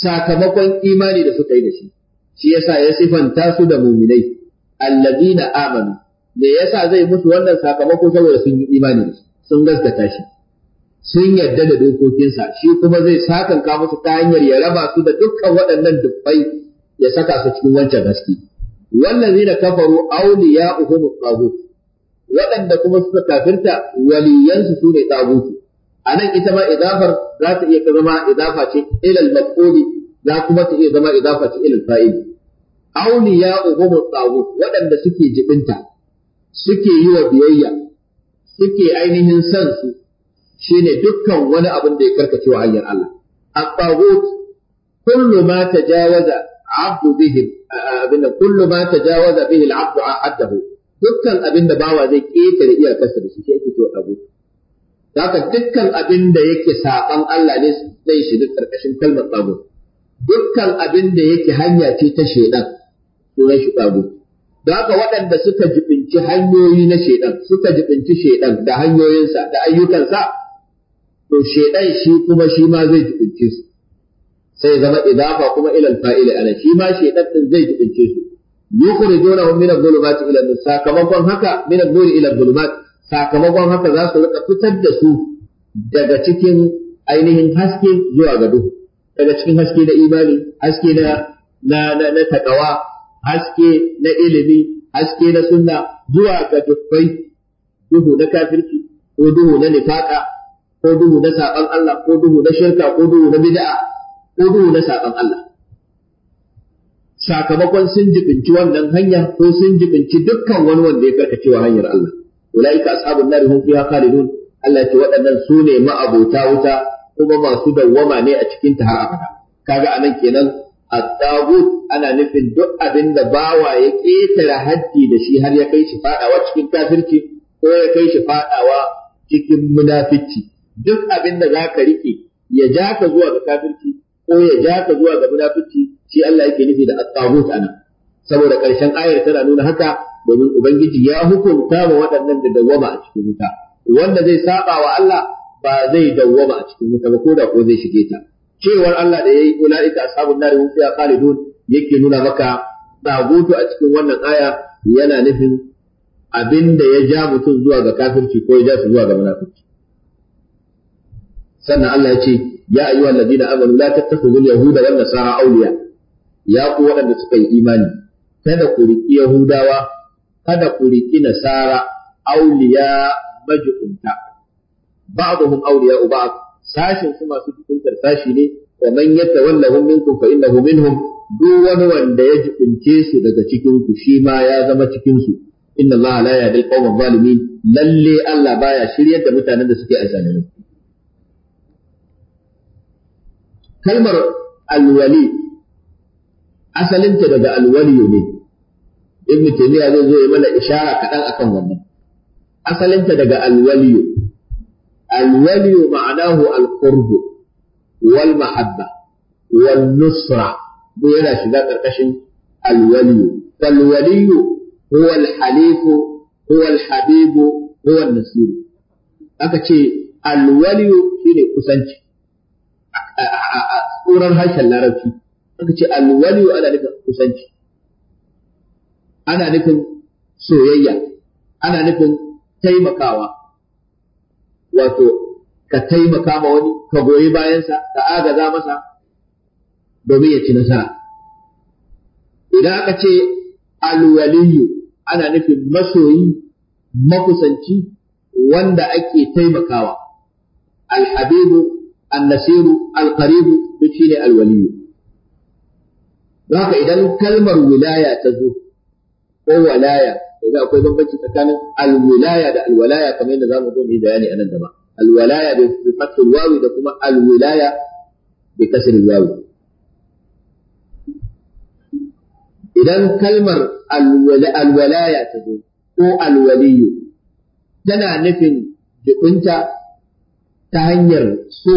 sakamakon imani da suka yi da shi shi yasa ya sifanta su da muminai allazina amanu me yasa zai musu wannan sakamako saboda sun yi imani da shi sun gaskata shi sun yarda da dokokinsa shi kuma zai sakanka musu ta hanyar ya raba su da dukkan waɗannan dubbai ya saka su cikin wancan gaske Wannan da kafaru awliya'uhum uhumu taghut waɗanda kuma suka kafirta waliyansu su ne tagutu a nan ita ma idafar za ta iya zama idafa ce ilal maquli za kuma ta iya zama idafa ce ilal fa'il awliya'uhum uhumu taghut waɗanda suke jibinta suke yi wa biyayya suke ainihin son su shine dukkan wani abin da ya karkace wa hanyar Allah at-taghut kullu ma tajawaza 'abdu bihi abinda kullu ma tajawaza bihi al-'abdu 'addahu dukkan abin da bawa zai ketare iyakarsa da shi shi ake cewa taghut haka dukkan abin da yake saban Allah ne zai shiga karkashin kalmar taghut dukkan abin da yake hanya ce ta shedan sunan shi taghut don haka waɗanda suka jibin jibinci hanyoyi na shaidan suka jibinci shaidan da hanyoyinsa da ayyukansa to shaidan shi kuma shi ma zai jibince su sai zama idafa kuma ilal fa'ila ana shi ma shaidan din zai jibince su yukhrijunahum min adh-dhulumat ila an sakamakon haka min adh-dhur ila adh-dhulumat sakamakon haka za su rika fitar da su daga cikin ainihin haske zuwa ga duhu daga cikin haske na imani haske na na na, na takawa haske na ilimi haske na sunna zuwa ga dubbai duhu na kafirci ko duhu na nifaka ko duhu na saban Allah ko duhu na shirka ko duhu na bid'a ko duhu na saban Allah sakamakon sun jibinci wannan hanya ko sun jibinci dukkan wani wanda ya karka cewa hanyar Allah ulaika ashabun nar hum fiha khalidun Allah ce waɗannan su ne ma'abota wuta kuma masu dawwama ne a cikin ta har abada kaga anan kenan at ana nufin duk abin da bawa ya ƙetare haddi da shi har ya kai shi fadawa cikin kafirci ko ya kai shi fadawa cikin munafici. Duk abinda da za ka riƙe ya ja ka zuwa ga kafirci ko ya ja ka zuwa ga munafici shi Allah yake nufi da at-tagut ana. Saboda ƙarshen ayar tana nuna haka domin Ubangiji ya hukunta wa waɗannan da dawwama a cikin wuta. Wanda zai saba wa Allah ba zai dawwama a cikin wuta ba ko da ko zai shige ta. cewar Allah da yayi ulaika sabon nar hum fiha khalidun yake nuna maka tagutu a cikin wannan aya yana nufin abinda ya ja mutum zuwa ga kafirci ko ya ja su zuwa ga munafirci sannan Allah ya ce ya ayyuha Ladina amanu la tattakhudhu al-yahuda wan nasara awliya ya ku waɗanda suka yi imani kada ku riki yahudawa kada ku riki nasara awliya majunta ba'dhum awliya ba'd sashin su masu jikuntar sashi ne wa man yatawallahum minkum fa innahu minhum duk wani wanda ya jikunce su daga cikin ku shi ma ya zama cikin su inna allaha la yahdi al-qawma zalimin lalle Allah baya shiryar da mutanen da suke azalimi kalmar alwali asalinta daga alwali ne ibn taymiya zai zo ya mana ishara kaɗan akan wannan asalinta daga alwali الولي معناه القرب والمحبة والنصرة بلا شدة القشن الولي فالولي هو الحليف هو الحبيب هو النصير أكتشي الولي شيني كسنتي tsoron harshen larabci aka ce alwaliyu ana nufin kusanci ana nufin soyayya ana nufin taimakawa wato ka taimaka ma wani ka goyi bayansa ka agaza masa domin ya ci nasara idan aka ce alwaliyu ana nufin masoyi makusanci wanda ake taimakawa alhabibu annasiru alqaribu duk shine alwaliyu haka idan kalmar wilaya ta zo ko walaya ga akwai bambanci tsakanin alwilaya da alwalaya kamar yadda zamu zo mu yi bayani a nan gaba alwalaya da bi fathul wawi da kuma alwilaya bi kasr wawi idan kalmar alwalaya ta zo ko alwaliyu tana nufin jibinta ta hanyar so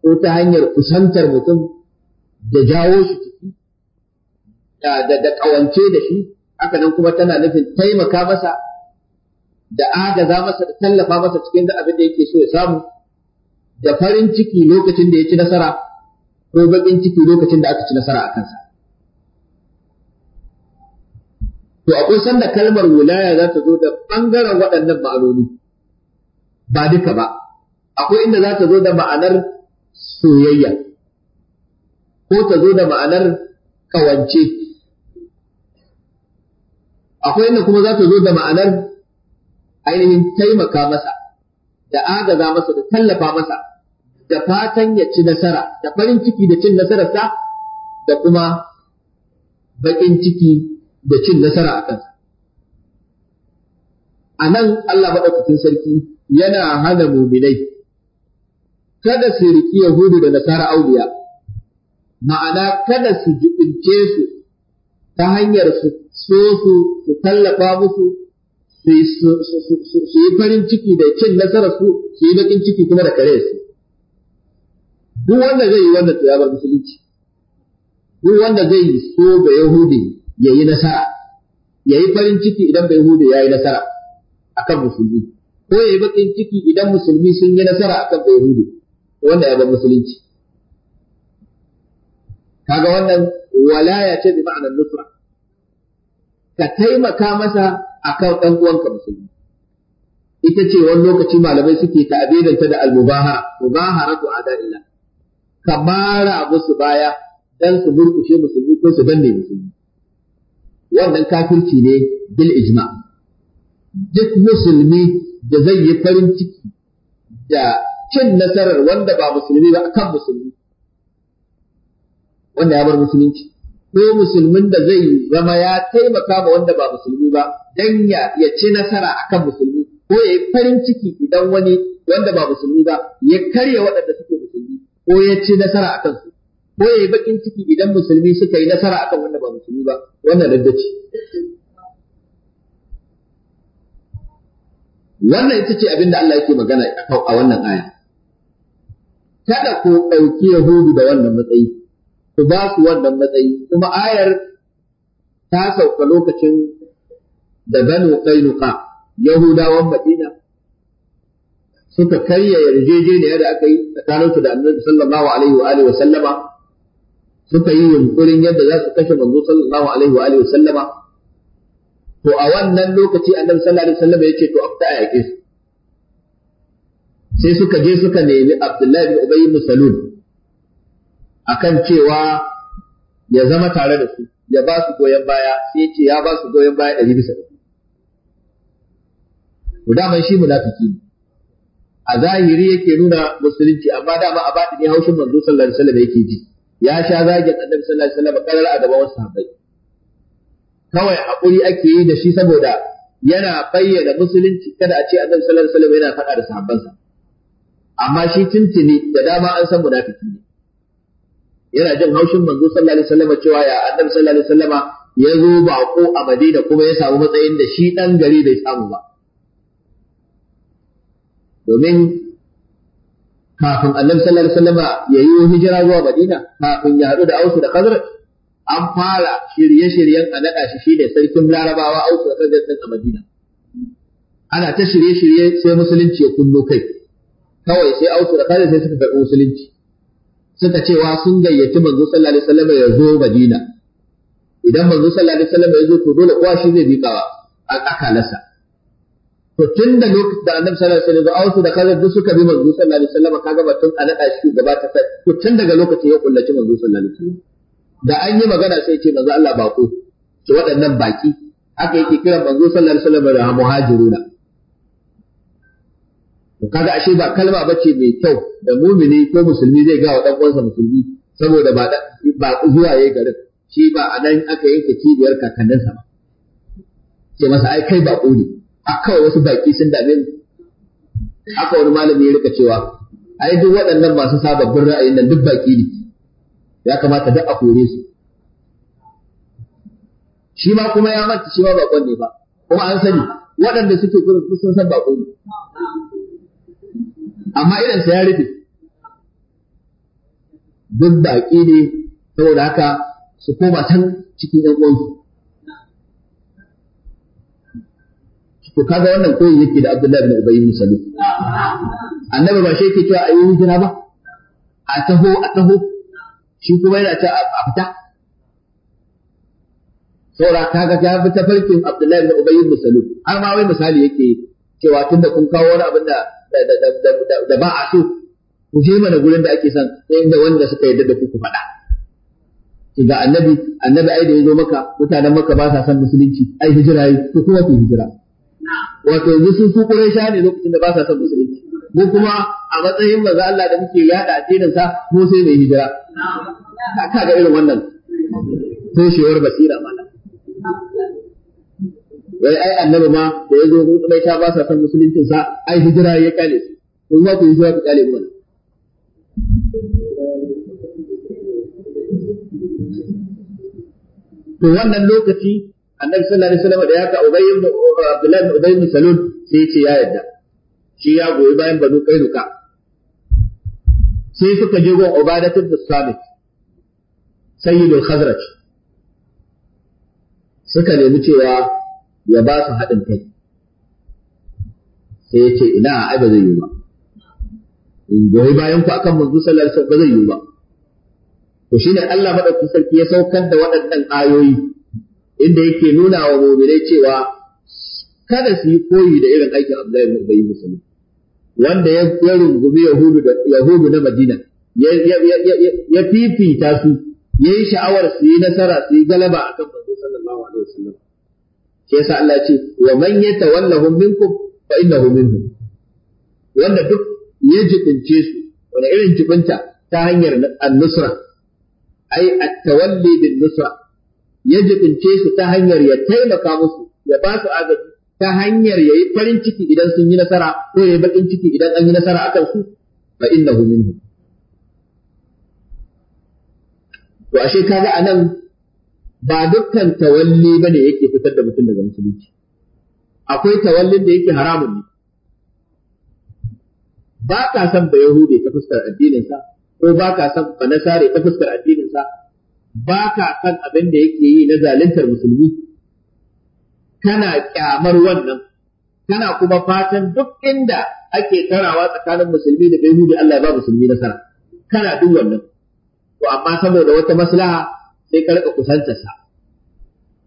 ko ta hanyar kusantar mutum da jawo shi ciki da ƙawance da shi haka nan kuma tana nufin taimaka masa da agaza masa da tallafa masa cikin da abin da yake so ya samu da farin ciki lokacin da ya ci nasara ko baƙin ciki lokacin da aka ci nasara a kansa to akwai sanda kalmar Wulaya za ta zo da ɓangaren waɗannan ma'anoni ba duka ba akwai inda za ta zo da ma'anar soyayya ko ta zo da ma'anar ƙawance. akwai inda kuma za ta zo da ma'anar ainihin taimaka masa da agaza masa da tallafa masa da fatan ya ci nasara da farin ciki da cin nasararsa da kuma baƙin ciki da cin nasara a kansa a nan Allah maɗaukakin sarki yana hana muminai kada su riƙi Yahudu da Nasara auliya ma'ana kada su jiɓince su ta hanyar su so su su tallafa musu su yi farin ciki da cin nasarar su su yi bakin ciki kuma da kare su duk wanda zai yi wannan ya bar musulunci duk wanda zai yi so ga yahudi ya yi nasara ya yi farin ciki idan bai yahudi ya yi nasara akan musulmi ko ya yi bakin ciki idan musulmi sun yi nasara akan bai yahudi wanda ya bar musulunci kaga wannan walaya ce bi ma'anar nusra ka taimaka masa akan dan uwanka musulmi ita ce wani lokaci malamai suke ta'abidanta da al-mubahara mubaharatu adaillah ka mara musu baya dan su murkushe musulmi ko su danne musulmi wannan kafirci ne bil ijma duk musulmi da zai yi farin ciki da cin nasarar wanda ba musulmi ba kan musulmi wanda ya bar musulunci ko musulmin da zai zama ya taimaka ma wanda ba musulmi ba dan ya ya ci nasara akan musulmi ko ya yi farin ciki idan wani wanda ba musulmi ba ya karya waɗanda suke musulmi ko ya ci nasara akan su ko ya yi bakin ciki idan musulmi suka yi nasara akan wanda ba musulmi ba wannan daddaci wannan ita ce abin da Allah yake magana a wannan aya kada ku ɗauki Yahudu da wannan matsayi su ba su wannan matsayi kuma ayar ta sauka lokacin da banu kainuka yahudawan madina suka karya yarjejeniya da aka yi tsakaninsu da annabi sallallahu alaihi wa alihi wa sallama suka yi yunkurin yadda za su kashe manzo sallallahu alaihi wa alihi wa sallama to a wannan lokaci annabi sallallahu alaihi wa sallama yace to afta a yake su sai suka je suka nemi Abdullahi bin Ubay bin Salul akan cewa ya zama tare da su ya ba su goyon baya sai ce ya ba su goyon baya ɗari bisa ɗari. To dama shi munafiki ne. A zahiri yake nuna musulunci amma dama a baɗi ne haushin manzo sallallahu alaihi wasallam yake ji. Ya sha zagin annabi sallallahu alaihi wasallam karar a gaban wasu sahabbai. Kawai haƙuri ake yi da shi saboda yana bayyana musulunci kada a ce annabi sallallahu alaihi wasallam yana faɗa da sahabbansa. Amma shi tuntuni da dama an san munafiki ne. yana jin haushin manzo sallallahu alaihi wasallam cewa ya annabi sallallahu alaihi wasallama ya zo bako a Madina kuma ya samu matsayin da shi dan gari bai samu ba domin kafin annabi sallallahu alaihi wasallama ya yi hijira zuwa Madina kafin ya haɗu da Ausu da Khazraj an fara shirye-shiryen a naɗa shi shine sarkin Larabawa Ausu da Khazraj din a Madina ana ta shirye-shirye sai musulunci ya kullo kai kawai sai Ausu da Khazraj sai suka karɓi musulunci suka cewa sun gayyaci manzo sallallahu alaihi wasallam ya zo Madina idan manzo sallallahu alaihi wasallam ya zo to dole kowa shi zai miƙawa a akalasa. to tun da lokacin da annabi sallallahu alaihi wasallam ausu da kaza duk suka bi manzo sallallahu alaihi wasallam kaga batun a nada shi gaba ta kai to tun daga lokacin ya kullaci manzo sallallahu alaihi wasallam da an yi magana sai ce manzo Allah ku to waɗannan baki haka yake kira manzo sallallahu alaihi wasallam da muhajiruna to kaga ashe ba kalma bace mai kyau da mumini ko musulmi zai ga wa dan uwansa musulmi saboda ba ba zuwa yayi garin shi ba a nan aka yanke cibiyar kakanninsa ba ce masa ai kai ba ne a kawai wasu baki sun dame ni. Aka wani malami ya rika cewa ai duk waɗannan masu sababbin ra'ayin nan duk baki ne ya kamata duk a kore su shi ma kuma ya manta shi ma bakon ne ba kuma an sani waɗanda suke gurin sun san baƙo ne amma idansa ya rufe duk baƙi ne saboda haka su koma can cikin ‘yan uwansu. To kaga wannan koyi yake da Abdullahi bin Ubayi bin Annabi ba shi yake cewa yi hijira ba. A taho a taho shi kuma yana ta a fita. Saura ga ta fi tafarkin Abdullahi bin Ubayi bin Salul har ma wai misali yake cewa tunda kun kawo wani abin da da ba a so ku je mana gurin da ake son inda wanda suka yarda da ku faɗa ga annabi annabi ai da ya zo maka mutanen maka ba sa son musulunci ai hijira yi ku kuma ku hijira wato yanzu su su sha ne lokacin da ba sa son musulunci mu kuma a matsayin manzo Allah da muke yada addinin sa mu sai mai hijira ga irin wannan toshewar basira mana wai ai annabi ma da ya zo mai ta ba sa san musulunci sa ai hijira ya kale su kun za ku yi hijira ku kale mu to wannan lokaci annabi sallallahu alaihi wasallam da ya ka ubay ibn abdullah ibn ubay ibn salul sai ce ya yadda shi ya goyi bayan banu kainuka sai suka je gon ubadatu samit sayyidul khazraj suka nemi cewa ya ba su haɗin kai sai ya ce ina a ba zai yiwu ba in goyi bayan ku akan manzo sallallahu alaihi wasallam ba zai yiwu ba to shine Allah madaukakin sarki ya saukar da waɗannan ayoyi inda yake nuna wa mu'minai cewa kada su yi koyi da irin aikin Abdullahi ibn Ubay ibn Salul wanda ya rungumi Yahudu da Yahudu na Madina ya fifita su yayi sha'awar su yi nasara su yi galaba akan manzo sallallahu alaihi wasallam yasa Allah ya ce wa man yatawallahum minkum fa innahu minhum wanda duk ya jibince su wani irin jibinta ta hanyar an-nusra ai at-tawalli bin nusra ya jibince su ta hanyar ya taimaka musu ya ba su agaji ta hanyar yayi farin ciki idan sun yi nasara ko yayi bakin ciki idan an yi nasara akan su fa innahu minhum to ashe kaga anan ba dukkan tawalli ba ne yake fitar da mutum daga musulunci akwai tawallin da yake haramun ne ba ka san ba yahude ta fuskar addininsa ko ba ka san ba nasare ta fuskar addininsa ba ka san abin da yake yi na zaluntar musulmi kana kyamar wannan kana kuma fatan duk inda ake tarawa tsakanin musulmi da bai Allah ya ba musulmi nasara kana duk wannan to amma saboda wata maslaha sai ka rika kusantarsa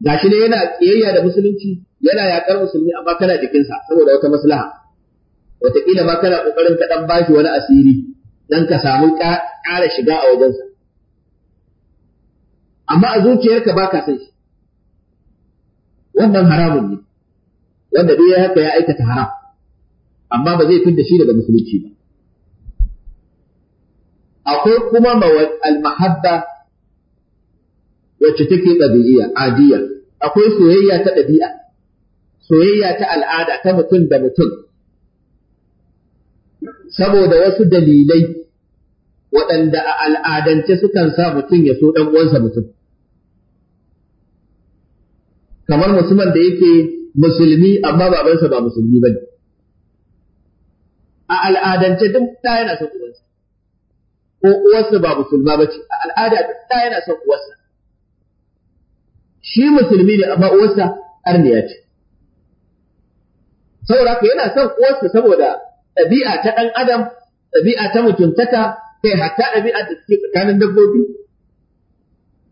gashi ne yana kiyayya da musulunci yana yakar musulmi amma kana jikinsa saboda wata maslaha wataƙila ma kana ƙoƙarin ka ɗan bashi wani asiri dan ka samu ƙara shiga a wajensa amma a zuciyarka ba ka san shi wannan haramun ne wanda duk haka ya aikata haram amma ba zai da shi daga musulunci ba akwai kuma al-mahabba wacce take ɗabi'iyya adiya akwai soyayya ta ɗabi'a soyayya ta al'ada ta mutum da mutum saboda wasu dalilai waɗanda a al'adance sukan sa mutum ya so ɗan uwansa mutum kamar musulman da yake musulmi amma babansa ba musulmi ba ne a al'adance duk ɗa yana son uwansa ko uwarsa ba musulma ba ce a al'ada duk ɗa yana son uwarsa shi musulmi ne amma uwarsa arniya ce saboda yana son uwarsa saboda ɗabi'a ta ɗan adam ɗabi'a ta mutuntaka kai hatta ɗabi'a da suke tsakanin dabbobi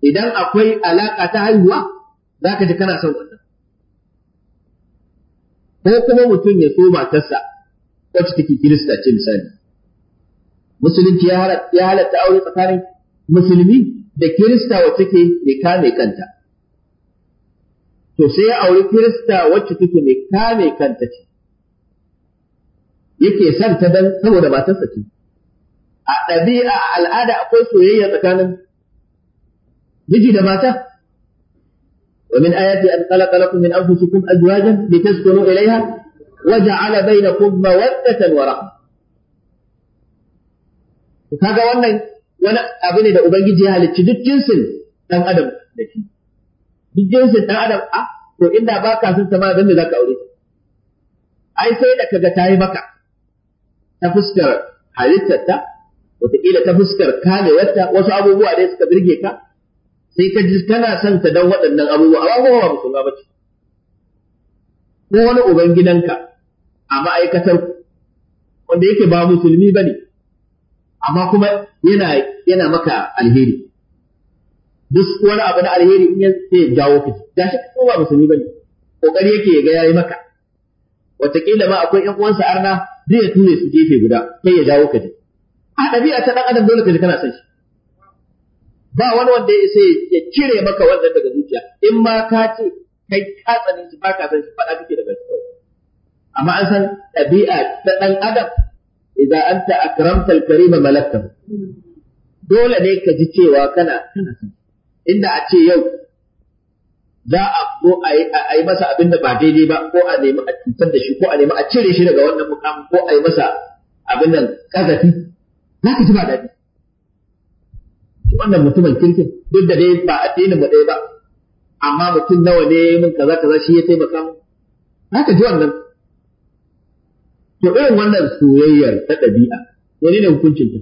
idan akwai alaƙa ta haihuwa za ka ji kana son wannan ko kuma mutum ya so matarsa wacce take kirista ce misali musulunci ya halatta aure tsakanin musulmi da kirista wacce take ne kame kanta to sai ya auri kirista wacce take mai kame kanta ce yake son ta dan saboda matarsa ce a ɗabi'a a al'ada akwai soyayya tsakanin miji da mata min ومن آياته أن خلق لكم من أنفسكم أزواجا لتسكنوا إليها وجعل بينكم مودة ورحمة kaga wannan wani abu ne da ubangiji ya halicci duk jinsin dan adam da shi duk jinsin ɗan adam a ah, to inda ba ka son sama don me za ka aure ai sai da kaga ta maka ta fuskar halittarta wataƙila ta fuskar kamewarta wasu abubuwa dai suka birge ka sai ka ji tana son ta don waɗannan abubuwa amma kuma ba musulma ba ce ko wani ubangidanka a ma'aikatar wanda yake ba musulmi ba ne amma kuma yana yana maka alheri duk wani abu na alheri in ya sai jawo ka gashi ko ba musulmi bane kokari yake ga yayi maka wataƙila ma akwai ƴan uwansa arna zai ture su gefe guda sai ya jawo ka ji a ɗabi'a ta ɗan adam dole ka ji kana son shi ba wani wanda ya sai ya cire maka wannan daga zuciya in ma ka ce kai ka tsani shi ba ka san shi faɗa kake daga cikin amma an san ɗabi'a ta ɗan adam idza anta akramta al-karima malakta dole ne ka ji cewa kana kana son inda a ce yau za a ko a yi masa abin da ba daidai ba ko a nemi a cutar da shi ko a nemi a cire shi daga wannan mukam ko a yi masa abin nan kazafi za ka ji ba daɗi shi wannan mutumin kirkin duk da dai ba addinin mu ɗaya ba amma mutum nawa ne mun kaza kaza shi ya taimaka mu za ka ji wannan to irin wannan soyayyar ta ɗabi'a wani ne hukuncin ta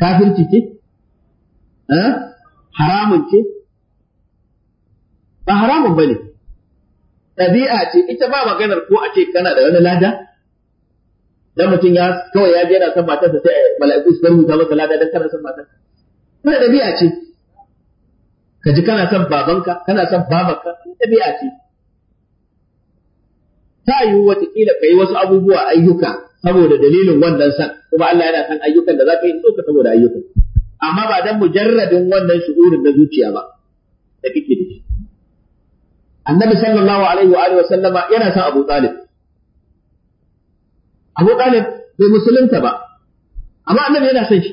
kafirci ke? eh haramun ce? Ba haramun ba ne, ɗabi'a ce ita ba maganar ko a ce kana da wani lada? Dan mutum ya kawai ya je yana son matarsa sai mala'iku su rubuta masa lada don kana son matarsa. Kuna ɗabi'a ce. Ka ji kana son babanka, kana son babanka, ɗabi'a ce. Ta yiwu watakila ka yi wasu abubuwa ayyuka saboda dalilin wannan san, kuma Allah yana san ayyukan da za ka yi so ka saboda ayyukan. amma ba dan mujarradin wannan shu'urin na zuciya ba da kike da shi annabi sallallahu alaihi wa alihi wa sallama yana son Abu Talib Abu Talib bai musulunta ba amma annabi yana son shi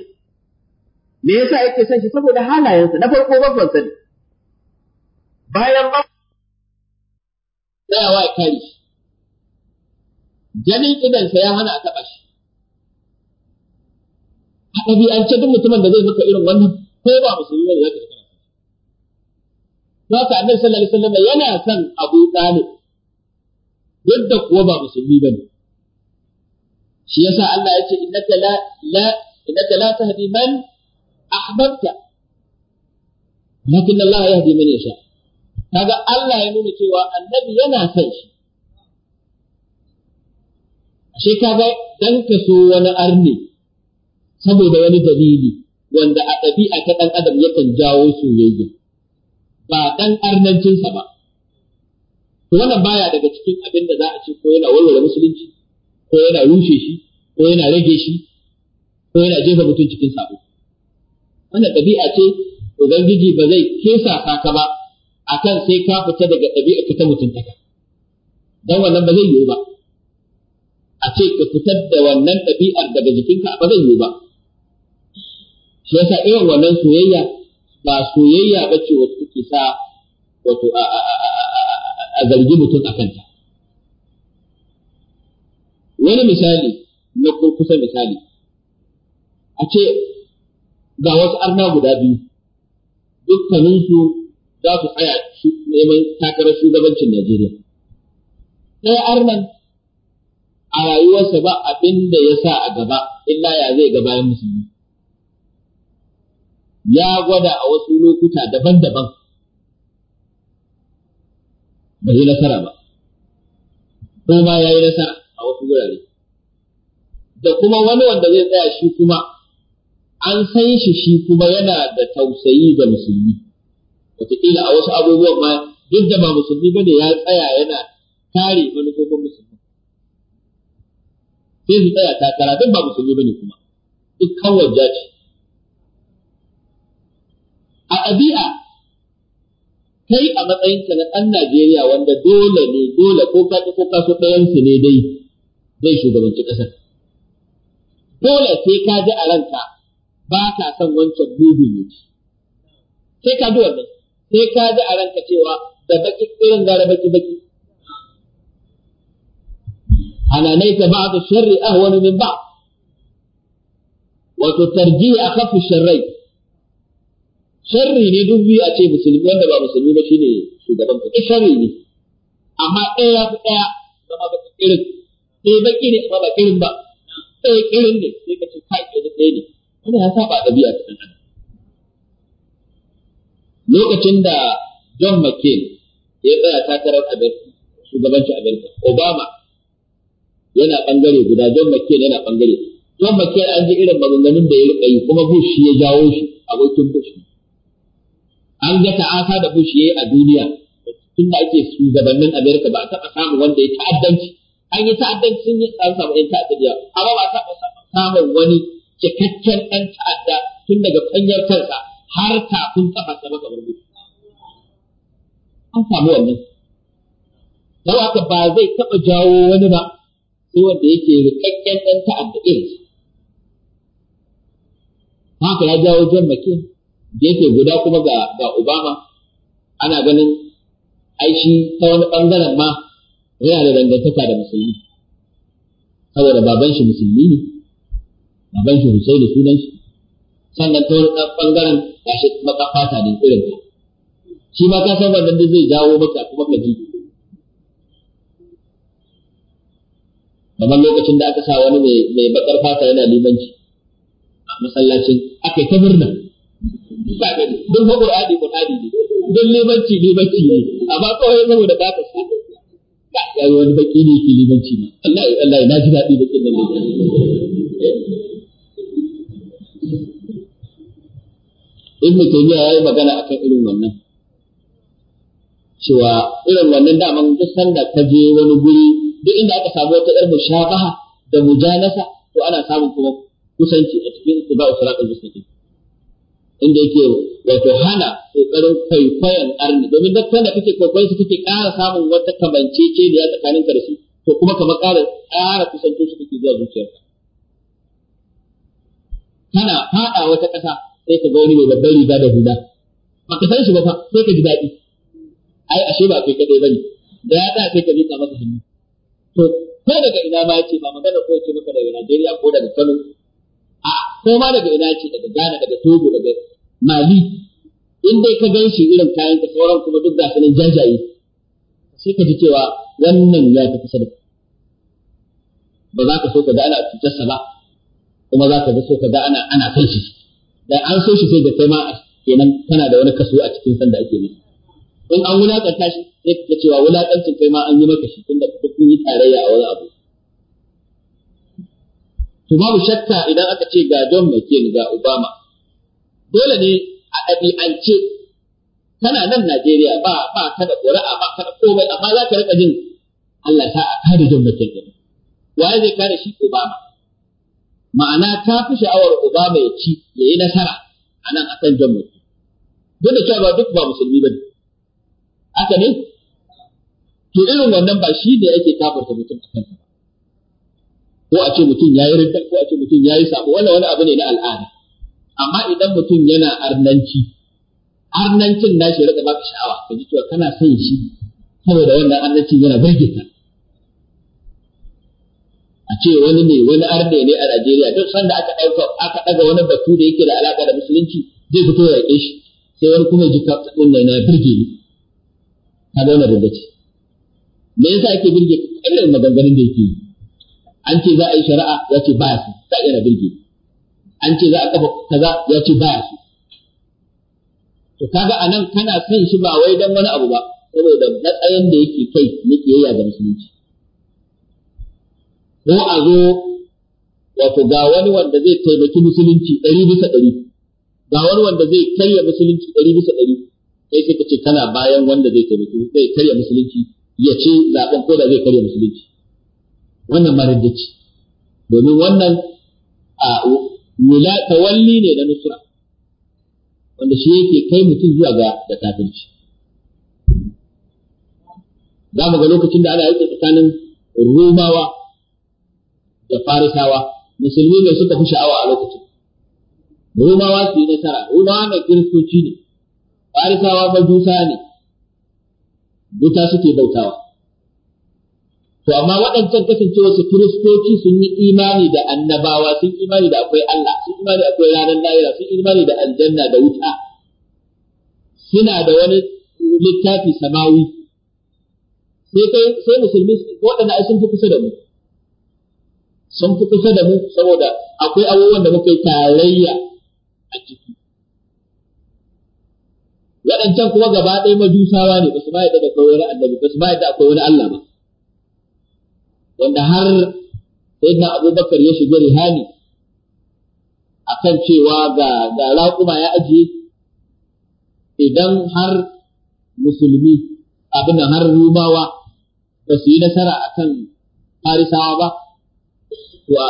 me yasa yake son shi saboda halayensa na farko babban sani bayan ba tsayawa ya kare shi ganin idansa ya hana a taɓa shi ɗabi'ance duk mutumin da zai maka irin wannan ko ba musulmi ne zaka kana Haka annabi sallallahu alaihi wasallam yana son Abu Talib yadda kuwa ba musulmi ne. shi yasa Allah ya ce innaka la la innaka la tahdi man ahbabta lakin Allah yahdi man yasha kaga Allah ya nuna cewa annabi yana son shi ashe kaga dan ka so wani arni saboda wani dalili wanda a ɗabi'a ta ɗan adam yakan jawo soyayya ba ɗan arnancinsa ba to wannan baya daga cikin abin da za a ce ko yana warware musulunci ko yana rushe shi ko yana rage shi ko yana jefa mutum cikin sabo wannan ɗabi'a ce ubangiji ba zai kesa ka ba akan sai ka fita daga ɗabi'a ta mutuntaka dan wannan ba zai yiwu ba a ce ka fitar da wannan ɗabi'ar daga jikinka ba zai yiwu ba shi yasa irin wannan soyayya ba soyayya ba ce wata take sa wato a zargi mutum a kanta wani misali na kusa misali a ce ga wasu arna guda biyu dukkaninsu za su tsaya neman takarar shugabancin Najeriya. Ɗaya arnan a rayuwarsa ba abin da ya sa a gaba illa ya zai ga bayan musulmi. ya gwada a wasu lokuta daban-daban ba yi nasara ba ko ma ya yi nasara a wasu wurare da kuma wani wanda zai tsaya shi kuma an san shi shi kuma yana da tausayi ga musulmi wataƙila a wasu abubuwan ma duk da ba musulmi ba ne ya tsaya yana kare manufofin musulmi sai su tsaya takara duk ba musulmi ba ne kuma duk kan jaci. ce a ɗabi'a kai a matsayinka na ɗan Najeriya wanda dole ne dole ko ka ko ka so ɗayansu ne dai zai shugabanci ƙasar. Dole sai ka ji a ranka ba ka son wancan bugun ne. Sai ka ji wannan, sai ka ji a ranka cewa da baki irin gara baki baki. Ana naita ba da sharri ahwanu min ba. Wato tarjiya akhafu sharrai. sharri ne duk biyu a ce musulmi wanda ba musulmi ba shine shugaban ka duk sharri ne amma ɗaya ya fi ɗaya zama ba irin ɗaya eh, baki ne amma ba kirin ba ɗaya eh, kirin ne sai ka ce kai ɗaya ɗaya ne Kuma ya saba ɗabi'a ta ɗan lokacin da John McCain ya tsaya takarar shugabancin Amerika Obama yana ɓangare guda John McCain yana ɓangare John McCain an ji irin maganganun da ya riƙa yi kuma Bush ya jawo shi abokin Bush ne an ga ta'asa da bushi yayi a duniya tun da ake shugabannin Amerika ba a taɓa samun wanda ya ta'addanci an yi ta'addanci sun yi an samu ɗan ta'addanci amma ba a taɓa samun wani cikakken ɗan ta'adda tun daga fanyar kansa har kafin kafarsa maka barbu an samu wannan don haka ba zai taɓa jawo wani ba sai wanda yake rikakken ɗan ta'adda irin haka ya jawo John McCain gefe guda kuma ga ga Obama ana ganin ai shi ta wani bangaren ma yana da dangantaka da musulmi saboda baban shi musulmi ne baban shi Hussein sunan shi sannan ta wani bangaren gashi baka fata ne irin ka shi ma ka san wannan zai jawo maka kuma ka ji kamar lokacin da aka sa wani mai bakar fata yana limanci a masallacin aka yi ta murna Isa gani, don fa Qur'ani Qur'ani ne, don limanci limanci ne, amma kawai yau da ka sa. Ka ga wani baki ne ke limanci ne. Allah Allah na ji daɗi bakin nan ne. Eh. Ibn Taymiyyah ya yi magana akan irin wannan. Cewa irin wannan daman duk sanda ka je wani guri duk inda aka samu wata ƴar mushabaha da mujanasa to ana samun kuma kusanci a cikin ibadu salatul mustaqim. inda yake wato hana kokarin kwaikwayon arni domin duk wanda kake kwaikwayon su kake ƙara samun wata ya tsakanin ka da su to kuma kamar ƙara ƙara kusanto su kake zuwa zuciyarka kana faɗa wata ƙasa sai ka ga wani mai babban riga da hula ba ka san shi ba fa sai ka ji daɗi ai ashe ba kai kadai bane da ya da sai ka rika masa hannu to ko daga ina ma yace ba magana ko yace maka daga Najeriya ko daga Kano a ko ma daga ina ce daga Ghana daga Togo daga mali in dai ka gan shi irin kayan ka sauran kuma duk gasu nan jajaye sai ka ji cewa wannan ya fi da ku. ba za ka so ka ga ana cutarsa ba kuma za ka ji so ka ga ana ana kan shi da an so shi sai da kai ma kenan kana da wani kaso a cikin sanda ake masa in an wulakanta shi sai ka cewa wulakancin kai ma an yi maka shi tunda kun yi tarayya a wani abu to babu shakka idan aka ce ga John McCain ga Obama dole ne a ɗabi'ance tana nan Najeriya ba ba ka da ƙuri'a ba da komai amma za ka riƙa jin Allah ta a kare jin mutum gani waye zai kare shi Obama ma'ana ta fi sha'awar Obama ya ci ya yi nasara a nan akan jan McCain duk da cewa duk ba musulmi ba ne haka ne to irin wannan ba shi ne ake kafarta mutum akan ba ko a ce mutum ya yi rinta ko a ce mutum ya yi sabo wannan wani abu ne na al'ada amma idan mutum yana arnanci arnancin na shi rika baka sha'awa ka ji cewa kana son shi saboda wannan Arnanci yana burge ka a ce wani ne wani arne ne a Najeriya duk sanda aka dauka aka ɗaga wani batu da yake da alaƙa da musulunci zai fito ya yaƙe shi sai wani kuma ji kafin nan ya burge ni ka zauna da ce me yasa ake burge ka kallon maganganun da yake yi an ce za a yi shari'a ya ce ba su ta yana burge ni an ce za a kafa kaza ya ce baya shi to kaga anan kana son shi ba wai dan wani abu ba saboda matsayin da yake kai na kiyayya ga musulunci ko a zo wato ga wani wanda zai taimaki musulunci ɗari bisa ɗari ga wani wanda zai karya musulunci ɗari bisa ɗari sai suka ce kana bayan wanda zai taimaki zai karya musulunci ya ce zaɓen ko da zai karya musulunci wannan da ce domin wannan a wula tawalli ne da nusra wanda shi yake kai mutum zuwa ga da kafirci za mu ga lokacin da ana yake tsakanin rumawa da farisawa musulmi ne suka fi sha'awa a lokacin rumawa su yi nasara rumawa mai kiristoci ne farisawa majusa ne buta suke bautawa To amma waɗancan kasancewa su kiristoci sun yi imani da annabawa, sun imani da akwai Allah, sun imani da akwai ranar lahira, sun imani da aljanna da wuta. Suna da wani littafi samawi. Sai kai sai musulmi waɗanda ai sun fi kusa da mu. Sun fi kusa da mu saboda akwai abubuwan da muke yi tarayya a ciki. Waɗancan kuma gaba ɗaya majusawa ne ba su ma yadda da kawai wani annabi ba su ma yadda akwai wani Allah ba. wanda har abu abubakar ya shiga rihani akan cewa ga ga raƙuma ya ajiye idan har musulmi abin har rumawa ba su yi nasara akan farisawa ba to a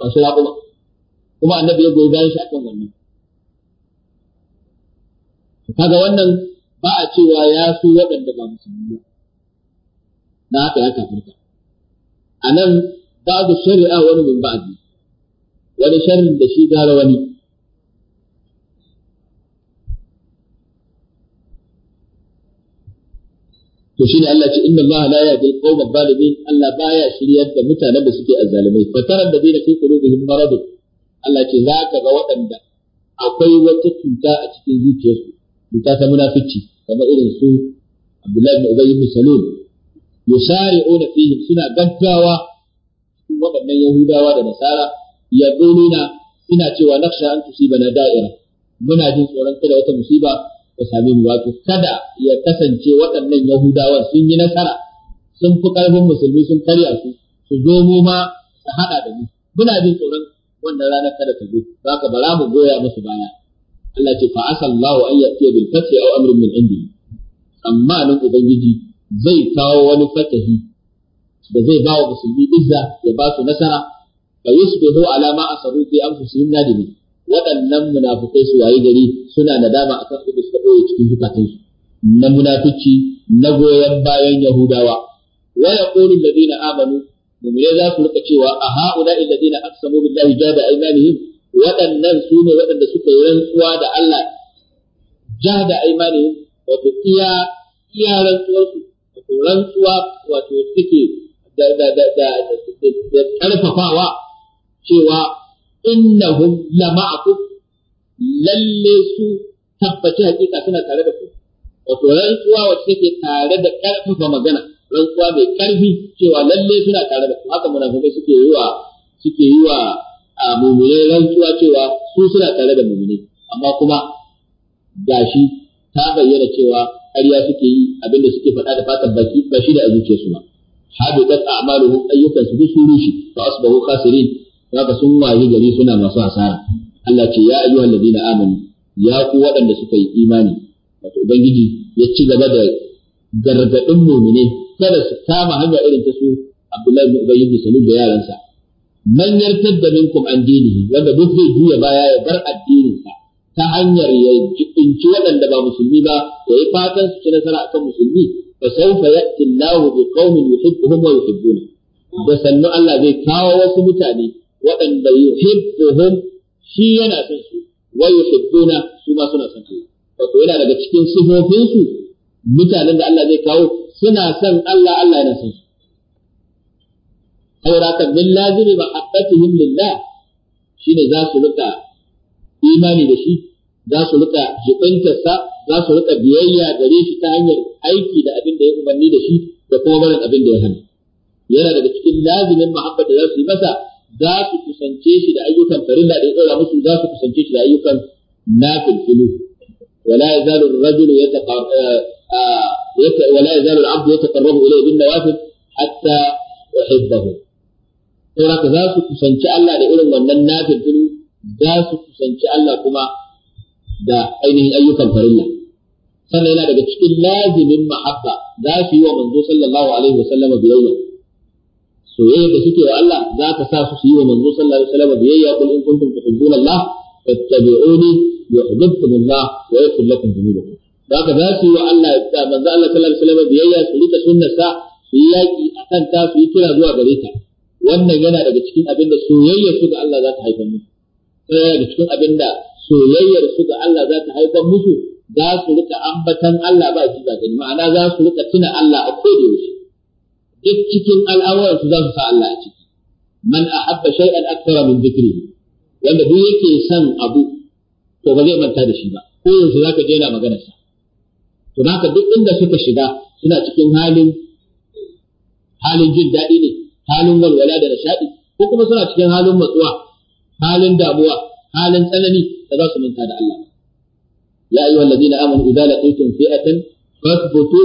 ƙarshe raƙuma kuma annabi ya goyi bayan shi akan wannan kaga wannan ba a cewa ya su waɗanda ba musulmi ba na haka ya kafarta. anan babu shari'a wani min ba'di wani sharrin da shi gara wani to shine Allah ce inna Allah la yahdi al-qawma zalimin Allah baya shiryar da mutanen da suke azzalimai fa taran da dina fi qulubihim marad Allah ce za ka ga waɗanda akwai wata cuta a cikin zuciyarsu cuta ta munafici kamar irin su Abdullahi ibn Ubay ibn Salul yusari'una fihim suna gaggawa cikin waɗannan yahudawa da nasara yaquluna suna cewa nakhsha an tusibana da'ira muna jin tsoron kada wata musiba ta same mu wato kada ya kasance waɗannan yahudawa sun yi nasara sun fi karfin musulmi sun karya su su zo mu su haɗa da mu muna jin tsoron wannan ranar kada ta zo haka ba za mu goya musu baya Allah ce fa asallahu an ya'tiya bil fathi aw amrin min indi amma nan ubangiji zai kawo wani fatahi da zai ba wa musulmi izza ya ba su nasara fa yusbihu ala ma asabu fi anfusihim nadimin waɗannan munafukai su waye gari suna nadama akan abin da suka ɓoye cikin zukatansu na munafici na goyon bayan yahudawa wa yaqulu alladhina amanu mu'mine za su rika cewa a ha'ula alladhina aqsamu billahi jada aymanihim waɗannan su ne waɗanda suka yi rantsuwa da Allah jada aymanihim wato iya iya rantsuwarsu wato rantsuwa wato suke da da da da da karfafawa cewa innahum lama'akum lalle su tabbaci hakika suna tare da ku wato rantsuwa wacce take tare da karfafa magana rantsuwa mai karfi cewa lalle suna tare da ku haka munafikai suke yi wa suke yi wa mumune rantsuwa cewa su suna tare da mumune amma kuma gashi ta bayyana cewa ƙarya suke yi abinda suke faɗa da fatan baki ba shi da a zuciyarsu ba habitat a'maluhum ayyukan su sun rushe fa asbahu khasirin haka sun waye gari suna masu hasara Allah ce ya ayyuhal ladina amanu ya ku waɗanda suka yi imani wato ubangiji ya ci gaba da gargadin mu'mine kada su kama hanya irin ta su Abdullahi ibn Ubay ibn Salul da yaransa man yartadda minkum an dinihi wanda duk zai juya baya ya bar addininsa ta hanyar ya jibinci waɗanda ba musulmi ba ya yi fatan su ci nasara akan musulmi fa sawfa ya'ti Allahu bi qaumin yuhibbuhum wa yuhibbuna da sannu Allah zai kawo wasu mutane waɗanda yuhibbuhum shi yana son su wa yuhibbuna su ma suna son su. wato yana daga cikin sifofin su mutanen da Allah zai kawo suna son Allah Allah yana son su saboda haka min lazimi mahabbatihim lillah shine za su rika imani da shi za su rika jibantarsa za su rika biyayya gare shi ta hanyar aiki da abin da ya umarni da shi da kuma barin abin da ya hana yana daga cikin lazimin mahabbar da za su yi masa za su kusance shi da ayyukan farilla da ya tsora musu za su kusance shi da ayyukan nafilfilu wala yazalu ar-rajulu ولا يزال العبد يتقرب إليه بالنوافل حتى يحبه. Saboda za su kusance Allah da irin wannan nafin tunu za su kusanci Allah kuma da ainihin ayyukan farilla sannan yana daga cikin lazimin mahabba za su yi wa manzo sallallahu alaihi wasallam biyayya soyayya da suke wa Allah za ka sa su yi wa manzo sallallahu alaihi wasallam biyayya kul in kuntum tuhibbuna Allah fattabi'uni yuhibbukum Allah wa yaghfir lakum dhunubakum da haka za su yi wa Allah da manzo Allah sallallahu alaihi wasallam biyayya su rika sunnarsa su yi yaki akan ta su yi kira zuwa gare ta wannan yana daga cikin abin da soyayya su ga Allah za ta haifar musu sai da cikin abin da soyayyar su ga Allah za ta haifar musu za su rika ambatan Allah ba ji ba gani ma'ana za su rika tuna Allah a koda yaushe duk cikin al'amuran su za su sa Allah a ciki man a ahabba shay'an akthara min dhikrihi wanda duk yake son abu to ba zai manta da shi ba ko yanzu zaka je na maganar sa to haka duk inda suka shiga suna cikin halin halin jin daɗi ne halin walwala da nishaɗi ko kuma suna cikin halin matsuwa halin damuwa halin tsanani da za su manta da Allah ya ayu allazina amanu idza laqitum fi'atan fathbutu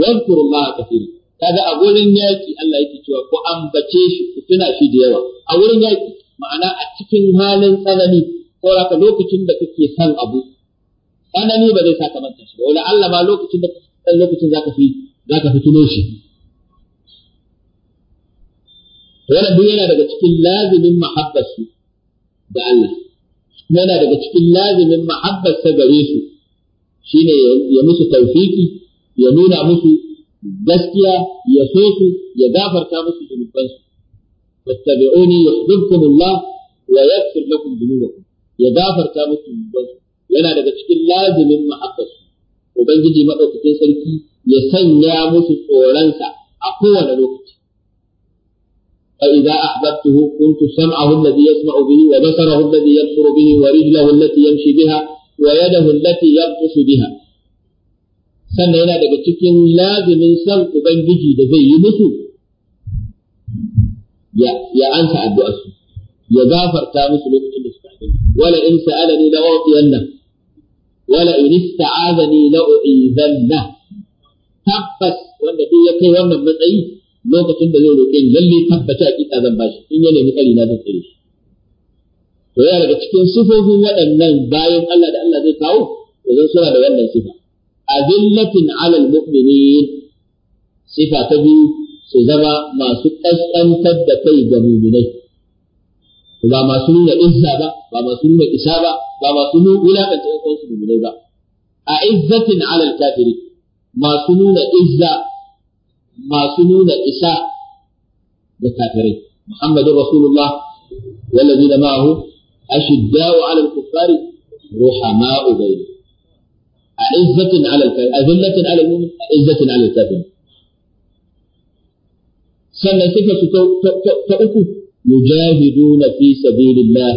wadhkuru Allah kathira kaga a gurin yaki Allah yake cewa ku ambace shi ku tuna shi da yawa a gurin yaki ma'ana a cikin halin tsanani ko raka lokacin da kake san abu tsanani ba zai saka manta shi ba wala Allah ma lokacin da dan lokacin zaka fi zaka fi tuno shi wannan duk yana daga cikin lazimin mahabbar su da Allah yana daga cikin lazimin mahabbarsa gare su shine ya musu tawfiki ya nuna musu gaskiya ya so su ya gafarta musu zunubansu fattabi'uni yuhibbukum Allah wa yaghfir lakum dhunubakum ya gafarta musu zunubansu yana daga cikin lazimin mahabbarsu ubangiji madaukakin sarki ya sanya musu tsoronsa a kowane lokaci فإذا أحببته كنت سمعه الذي يسمع به وبصره الذي يبصر به ورجله التي يمشي بها ويده التي بها daga cikin lazumin san Ubangiji da zai yi musu ya ansa addu'arsu, ya gafarta musu lokacin da suka abin. Wala in sa'alani la u'tiyanna wala in ista'azani la u'izanna tabbas wanda ya kai wannan matsayi lokacin da zai roƙe ni lalle tabbata a kika zan bashi in ya nemi tsari na zan tsare shi to yana daga cikin sifofin waɗannan bayan Allah da Allah zai kawo to zan suna da wannan sifa azillatin alal mu'minin sifa ta biyu su zama masu ƙasƙantar da kai ga mu'minai ba masu nuna izza ba ba masu nuna isa ba ba masu nuna wulaƙanta ɗan uwansu mu'minai ba a izzatin alal kafiri masu nuna izza masu nuna isa da kafirai muhammadin rasulullah wallazi da ma'ahu ashidda'u ala al-kuffari ruhama'u bayna a'izzatin ala al-kafir a'izzatin ala al-mu'min a'izzatin sannan sifa su ta uku yujahiduna fi sabilillah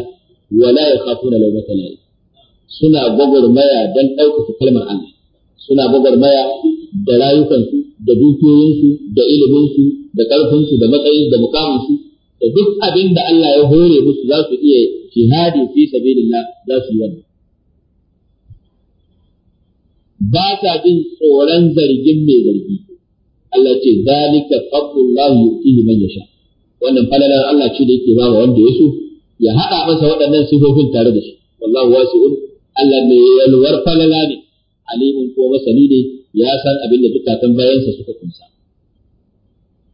wa la yakhafuna law matala suna gogor maya dan dauka kalmar Allah suna gogor maya da rayukan da dukiyoyinsu da iliminsu da ƙarfinsu da matsayin da mukaminsu da duk abin da Allah ya hore musu za su iya jihadi fi sabilillah za su yi wannan ba sa jin tsoron zargin mai zargi Allah ce zalika fadlullahi yu'tihi man yasha wannan falalar Allah ce da yake ba wanda ya so ya haɗa masa waɗannan sifofin tare da shi wallahu wasi'un Allah mai yalwar falala ne alimin ko masani ne ya san abin da zukatan bayansa suka kunsa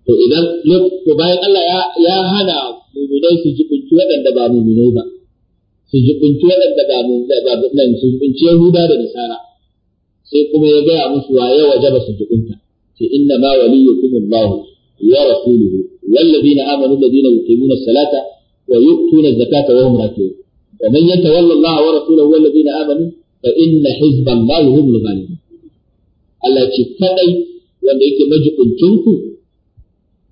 to idan to bayan Allah ya hana mu'minai su jibinci waɗanda ba mu'minai ba su jibinci waɗanda ba mu'minai ba nan su jibinci Yahuda da Nasara sai kuma ya gaya musu wa waye wajaba su jibinta ce inna ma waliyukum Allah wa rasuluhu والذين آمنوا الذين يقيمون الصلاة ويؤتون الزكاة وهم راكعون ومن يتولى الله amanu والذين آمنوا فإن حزب الله هم الغالبون Allah ce kadai wanda yake majibincin ku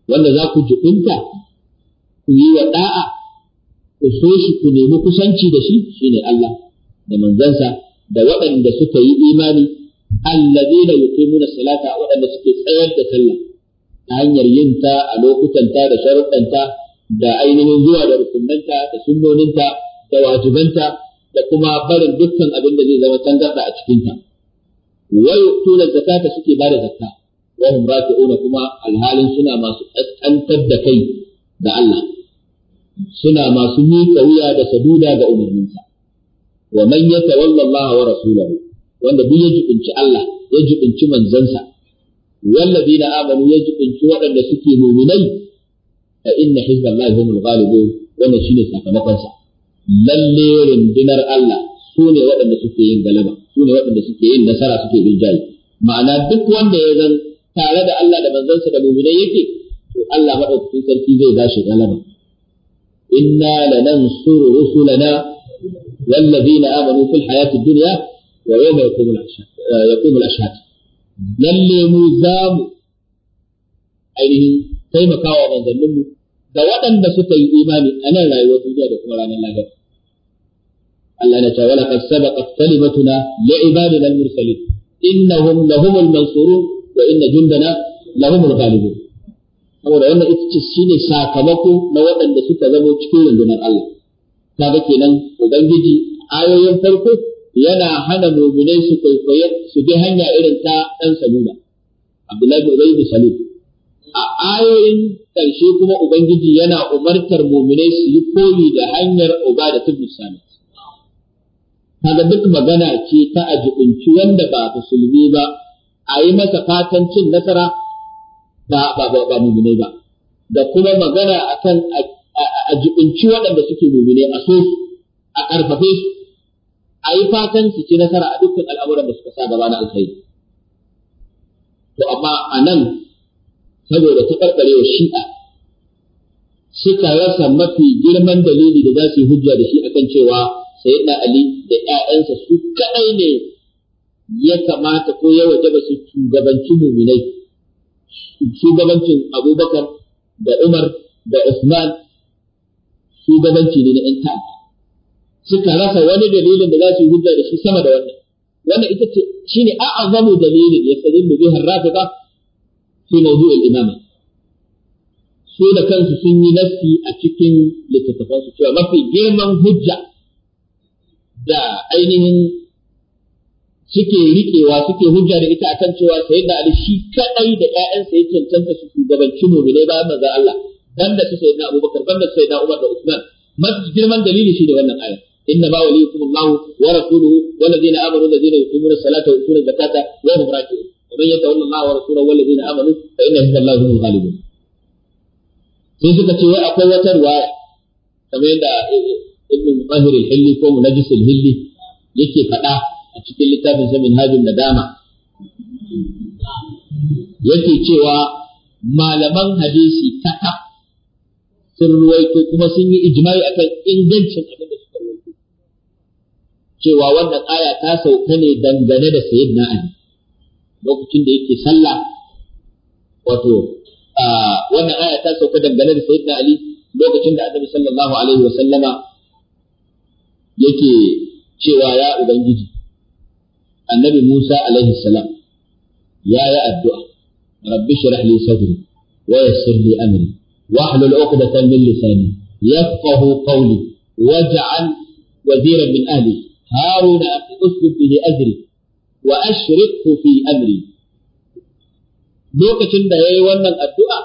wanda za ku jibinta ku yi wa ɗa'a, ku so shi ku nemi kusanci da shi shine Allah da manzansa da waɗanda suka yi imani allazina yuqimuna salata waɗanda suke tsayar da sallah ta hanyar yin ta a lokutanta da sharuɗanta da ainihin zuwa da rukunanta da sunnoninta da wajibanta da kuma barin dukkan abin da zai zama tangarɗa a cikinta. wa yu'tuna zakata suke ba da zakka wa hum raki'una kuma alhalin suna masu kaskantar da kai da Allah suna masu miƙa wuya da saduda ga umarninsa wa man yatawalla Allah wa rasulahu wanda duk ya jibinci Allah ya jibinci manzansa والذين آمنوا يجب أن شوء أن سكي مؤمني فإن حزب الله هم الغالبون وما شيني ساكمقنسا للي رندنر الله سوني suke سكي ينقلبا su ne waɗanda suke yin nasara suke rinjaye ma'ana duk wanda ya zan tare da Allah da manzansa da mu'minai yake to Allah madaukakin sarki zai ba shi galaba inna lanansuru rusulana wallazina amanu fil hayatid dunya wa yawma yaqumul ashhad eh, yaqumul ashhad lalle mu za mu ainihin taimakawa manzanninmu da waɗanda suka yi imani a nan rayuwar duniya da kuma ranar lahira Allah na ce wala qad sabaqat kalimatuna li ibadina al-mursalin innahum lahumul mansurun wa inna jundana lahumul ghalibun saboda wannan ita ce shine sakamako na waɗanda suka zama cikin rundunar Allah kaga kenan ubangiji ayoyin farko yana hana mu'minai su kwaikwaye su bi hanya irin ta dan salula Abdullahi bin Ubay bin a ayoyin ƙarshe kuma Ubangiji yana umartar muminai su yi koyi da hanyar Ubada tun Sami kaga duk magana ce ta ajibinci wanda ba musulmi ba a yi masa fatan cin nasara ba ba ba ba mumine ba da kuma magana akan ajibinci waɗanda suke mumine a so a ƙarfafe su a yi fatan su ci nasara a dukkan al'amuran da suka sa gaba na alkhairi to amma a nan saboda ta ƙarƙare wa shi'a suka rasa mafi girman dalili da za su yi hujja da shi akan cewa sayyidina ali da 'ya'yansa su kaɗai ne ya kamata ko ya wajaba su shugabanci muminai shugabancin abubakar da umar da usman shugabanci ne na ƴan ta'adda suka rasa wani dalilin da za su hujja da shi sama da wannan wannan ita ce shine a'azamu dalilin ya sadillu bihi ar-rafida fi mawdu' al-imama su kansu sun yi nafsi a cikin littattafansu cewa mafi girman hujja da ainihin suke riƙewa suke hujja da ita akan cewa da Ali shi kadai da ƴaƴansa ya cancanta su shugabanci ne bayan manzon Allah Dan da su sayyidina Abubakar da su sayyidina Umar da Usman mafi girman dalili shi da wannan aya inna ma waliyukum Allah wa rasuluhu wal ladina amanu ladina yuqimuna salata wa yu'tuna zakata wa hum raki'un wa man yatawalla Allah wa rasuluhu wal ladina amanu fa inna hizballahi huwal ghalibun sai suka ce wai akwai wata ruwaya kamar yadda mutahhir al-hilli ko munajjis al-hilli yake faɗa a cikin littafin sa minhajun nadama yake cewa malaman hadisi kaka sun ruwaito kuma sun yi ijma'i akan ingancin abin da suka ruwaito cewa wannan aya ta sauka ne dangane da sayyidina ali lokacin da yake sallah wato wannan aya ta sauka dangane da sayyidina ali lokacin da alaihi wa sallama yake cewa ya Ubangiji, annabi Musa alaihi salam ya yi addu'a, rabbi shirah li sadri wa yassir li amri wa ahlul uqdatan min lisani yafqahu qawli waj'al waziran min ahli haruna akhi usbit bihi ajri wa ashrikhu fi amri lokacin da yayi wannan addu'a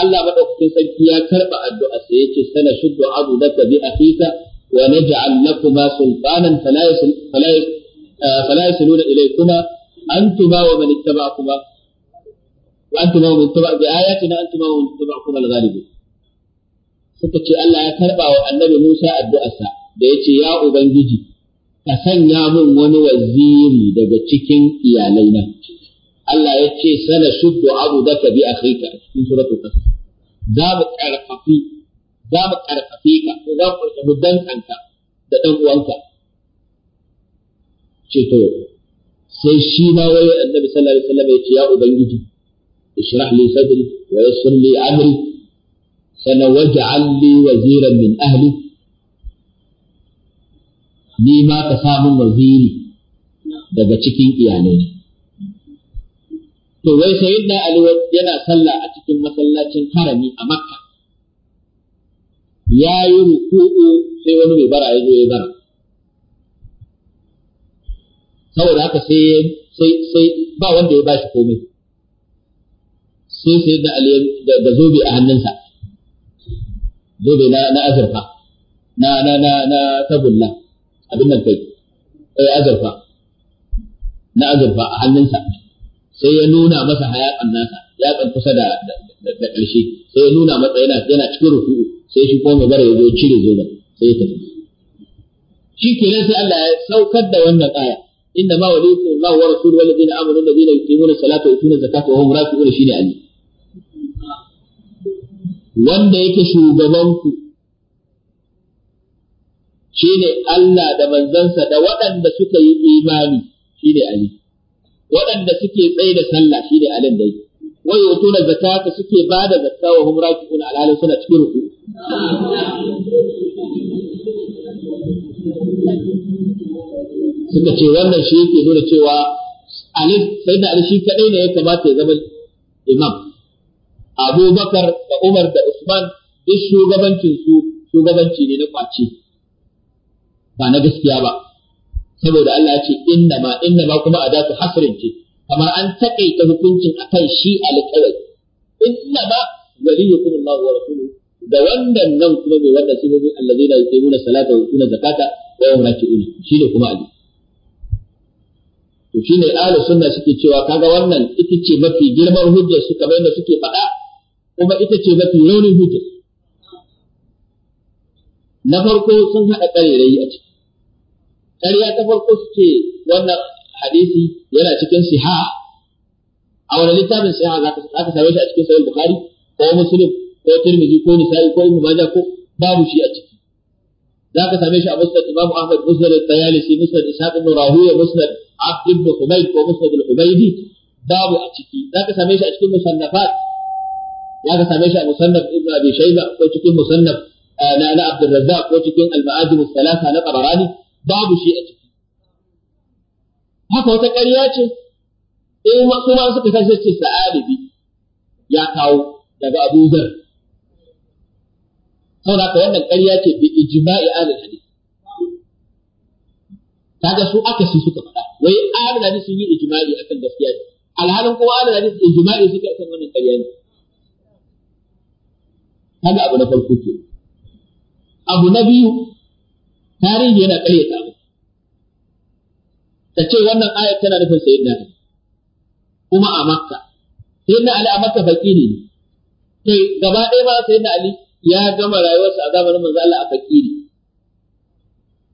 Allah madaukakin sarki ya karba addu'a sai yace sana shuddu adu da bi akhika ونجعل لكما سلطانا فلا يسل فلا فلا يصلون اليكما انتما ومن اتبعكما وانتما ومن اتبع باياتنا انتما ومن اتبعكما الغالبون suka ce Allah ya karba wa annabi Musa addu'arsa da ya ce, Ya Ubangiji, ka sanya min wani waziri daga cikin iyalaina. Allah ya ce, Sana shuddu abu da bi a kai ka cikin Za mu ƙarfafi za mu karfafe ka ko za mu samu dankanka da ɗan uwanka ce to sai shi ma wai annabi sallallahu alaihi wasallam ya ce ya ubangiji ishrah li sadri wa yassir li amri sana waj'al li waziran min ahli ni ma ka samu waziri daga cikin iyalai to wai sayyidina ali yana sallah a cikin masallacin harami a makka ya yi ruku'u sai wani mai bara ya zo ya bara saboda haka sai sai sai ba wanda ya bashi komai sai sai da ali da zobe a hannunsa zobe na na azurfa na na na na tabulla abin nan kai sai eh, azurfa na azurfa a hannunsa sai ya nuna masa hayakan nasa yakan kusa da da ƙarshe sai ya nuna masa yana yana cikin ruku'u sai shi kuma magana ya zo cire zoben sai ya tafi shi kenan sai Allah ya saukar da wannan aya inna ma waliyukum Allah wa rasuluhu wal ladina amanu alladina yuqimuna salata wa yutuna zakata wa hum raki'un shine ali wanda yake shugabanku shine Allah da manzansa da waɗanda suka yi imani shine ali waɗanda suke tsaye da sallah shine alin da yake wa yutuna zakata suke bada zakka wa hum raki'un alhalin suna cikin ruku suka ce wannan shi yake nuna cewa alif sai da Ali shi kadai ne ya kamata ya zama imam Abu Bakar da Umar da Usman duk shugabancin su shugabanci ne na kwace ba na gaskiya ba saboda Allah ya ce inna ma inna ma kuma adatu hasrin ce kamar an takaita hukuncin akan shi alƙawari inna ma waliyukum Allah wa rasuluhu da wannan nan kuma mai wannan sifofi yake muna salata wa yu'tuna zakata wa hum shi shine kuma ali to shine ala sunna suke cewa kaga wannan ita ce mafi girman hujja su kamar yadda suke faɗa kuma ita ce mafi raunin hujja na farko sun haɗa ƙarerayi a ciki ƙarya ta farko suke wannan hadisi yana cikin siha a wani littafin siha za ka same shi a cikin sahih bukhari ko muslim ko Tirmidhi ko Nisa'i ko Ibn Majah ko babu shi a ciki za ka same shi a musnad Imam Ahmad musnad Bayalisi musnad Ishaq ibn Rahuya musnad Abd ibn Humayd ko musnad al-Ubaydi babu a ciki za ka same shi a cikin musannafat za ka same shi a musannaf Ibn Abi Shayba ko cikin musannaf eh, na na Abd al-Razzaq ko cikin al-Ma'ajim al-Thalatha na Qabarani? babu shi a ciki haka wata ƙarya ce in kuma suka kasance sa'alibi ya kawo daga Abu Dharr saboda ka wannan ƙarya ce bi ijma'i ahlul hadith kaga su aka su suka faɗa wai ahlul hadith sun yi ijma'i akan gaskiya ne alhalin kuma ahlul hadith ijma'i suka san wannan ƙarya ne kaga abu na farko ke abu na biyu tarihi yana ƙarya ta ta ce wannan ayat tana nufin sayyidina Ali kuma a Makka sayyidina Ali a Makka fakiri ne sai gaba ɗaya ba sayyidina Ali ya gama rayuwarsa a zamanin manzo Allah a fakiri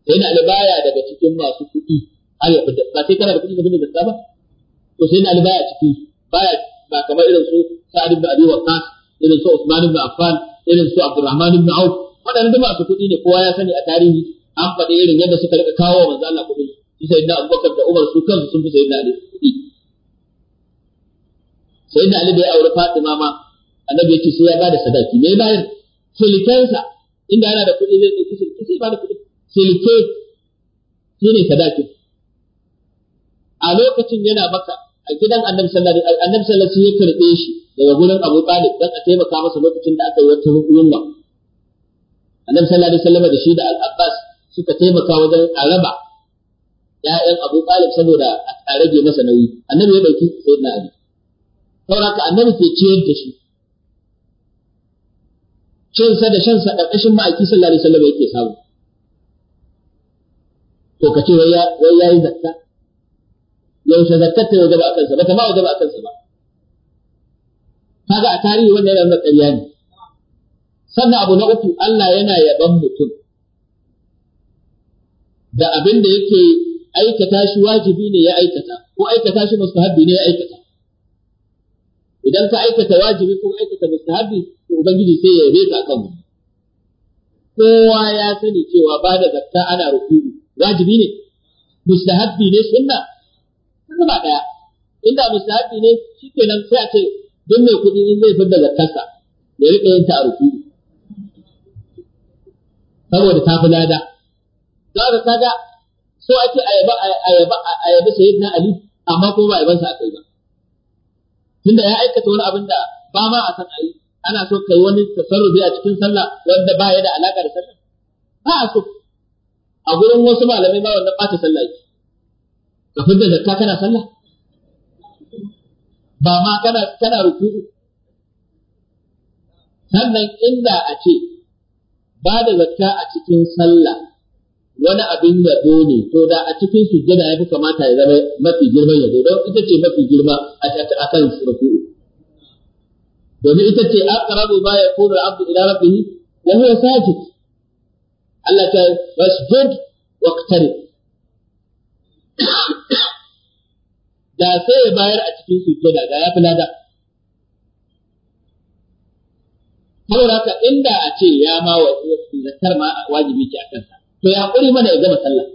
sai na albaya daga cikin masu kuɗi ba sai kana da kuɗi mutum da zakka ba to sai na albaya ciki baya ba kamar irin su Sa'ad ibn Abi waqas irin su Usman ibn Affan irin su Abdurrahman ibn Auf waɗannan duk masu kuɗi ne kowa ya sani a tarihi an faɗi irin yadda suka rika kawo manzo Allah kuɗi su na Abubakar da Umar su kansu sun fi sai na kuɗi sai na albaya aure Fatima ma annabi ya ce sai ya bada sadaki me bayar silikensa inda yana da kuɗi zai ɗauki silike sai ba da kuɗi silike shi ne sadaki a lokacin yana maka a gidan annabi sallallahu alaihi annabi sallallahu alaihi ya karɓe shi daga gurin Abu Talib dan a taimaka masa lokacin da aka yi wata yunwa annabi sallallahu alaihi wasallam da shi da Al-Abbas suka taimaka wajen a raba ‘ya'yan Abu Talib saboda a rage masa nauyi, annabi ya ɗauki Sayyidina Ali. Saura ka annabi ke ciyar da shi, cinsa da shansa ƙarƙashin ma'aiki sallallahu alaihi wasallam yake samu to ka ce wai ya yi zakka yaushe zakkar ta waje gaba a kansa ba ta ma waje ba a kansa ba kaga a tarihi wannan yana nuna ƙarya ne sannan abu na uku Allah yana yaban mutum da abin da yake aikata shi wajibi ne ya aikata ko aikata shi mustahabbi ne ya aikata idan ka aikata wajibi ko aikata mustahabbi ubangiji sai ya yabe ta kan kowa ya sani cewa ba da zakka ana rukuni, wajibi ne mustahabbi ne sunna kuma ba daya inda mustahabbi ne shikenan sai a ce duk mai kuɗi in zai fidda zakkarsa ya riƙa yin ta a rukuni. saboda ta fi lada za ka kaga so ake ayaba ayaba ayaba na ali amma ko ba aka akai ba tunda ya aikata wani abin da ba ma a san ayi ana so kai wani tasarrufi a cikin sallah wanda ba ya da alaka da sallah ba a so a gurin wasu malamai ma wannan ɓata sallah yake ka fidda zakka kana sallah ba ma kana kana ruku'u sannan inda a ce ba da zakka a cikin sallah wani abin da ne to da a cikin sujjada ya fi kamata ya zama mafi girman yabo don ita ce mafi girma a kan ruku'u domin ita ce aqrabu ma yakunu al-abdu ila rabbih wa huwa sajid Allah ta wasjud waqtarib da sai ya bayar a cikin sujjada da ya fi lada saboda haka inda a ce ya ma wa zakar ma wajibi ce a kansa to ya kuri mana ya gama sallah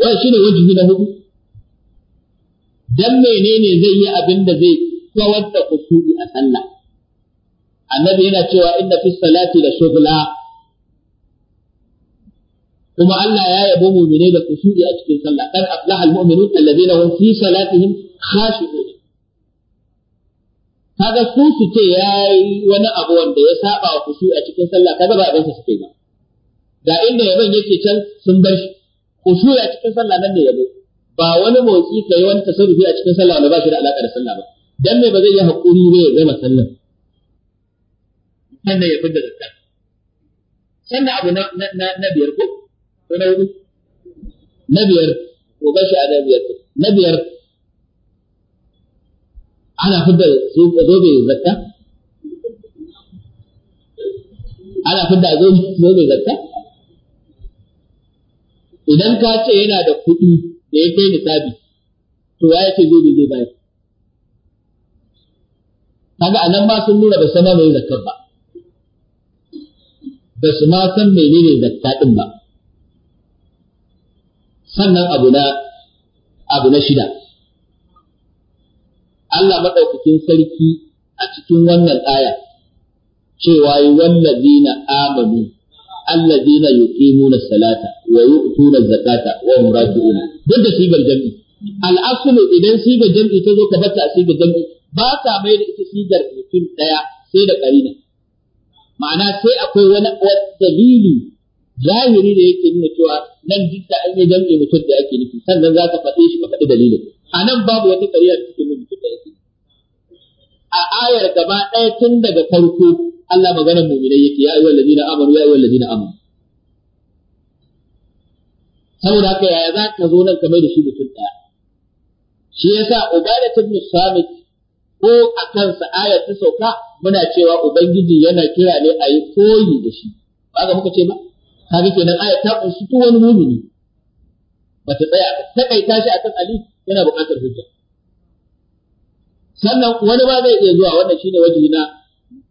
wannan shine wajibi na hudu dan menene zai yi abin da zai kawar da kusuri a sallah annabi yana cewa inda fi salati da shugla kuma Allah ya yabo mu'mine da kusuri a cikin sallah kan aflaha almu'minun alladhina hum fi salatihim khashi'un kaga su su ce yayi wani abu wanda ya saba wa kusuri a cikin sallah kaga ba abin su suke ba ga inda yabon yake can sun bar shi kusuri a cikin sallah nan ne yabo ba wani motsi kai wani tasarrufi a cikin sallah wanda ba shi da alaka da sallah ba dan me ba zai yi haƙuri ne ya zama sallar sannan ya fidda zakka sannan abu na na na biyar ko ko na hudu na biyar ko ba shi ana biyar na biyar ana fidda su zobe zakka ana fidda zobe zakka idan ka ce yana da kuɗi da ya kai nisabi to ya ce zobe zai bayar kaga nan ma sun nuna ba san ma mai zakkar ba ba su ma san menene zakka din ba sannan abu na abu na shida Allah madaukakin sarki a cikin wannan aya cewa yi wallazina amanu allazina yuqimuna salata wa yu'tuna zakata wa hum raji'un duk da sigar jami'i al idan sigar jami'i ta zo ba sa mai da ita sigar mutum ɗaya sai da ƙarina. Ma'ana sai akwai wani dalili zahiri da yake nuna cewa nan duk da an yi jam'i mutum da ake nufi sannan za ka faɗe shi ka faɗi dalilin. A nan babu wata ƙarina da take nuna mutum da yake. A ayar gaba ɗaya tun daga farko Allah maganar mu'minai yake ya yi wa ladina amaru ya yi wa ladina amaru. Saboda haka yaya za ka zo nan ka mai da shi mutum ɗaya. Shi yasa sa ibn Musamman. ko a kansa ayar ta sauka muna cewa ubangiji yana kira ne a yi koyi da shi ba ga muka ce ba ga kenan ayar ta kunshi duk wani mumini bata tsaya ta takaita shi akan ali yana buƙatar hujja sannan wani ba zai iya zuwa wannan shine wajihi na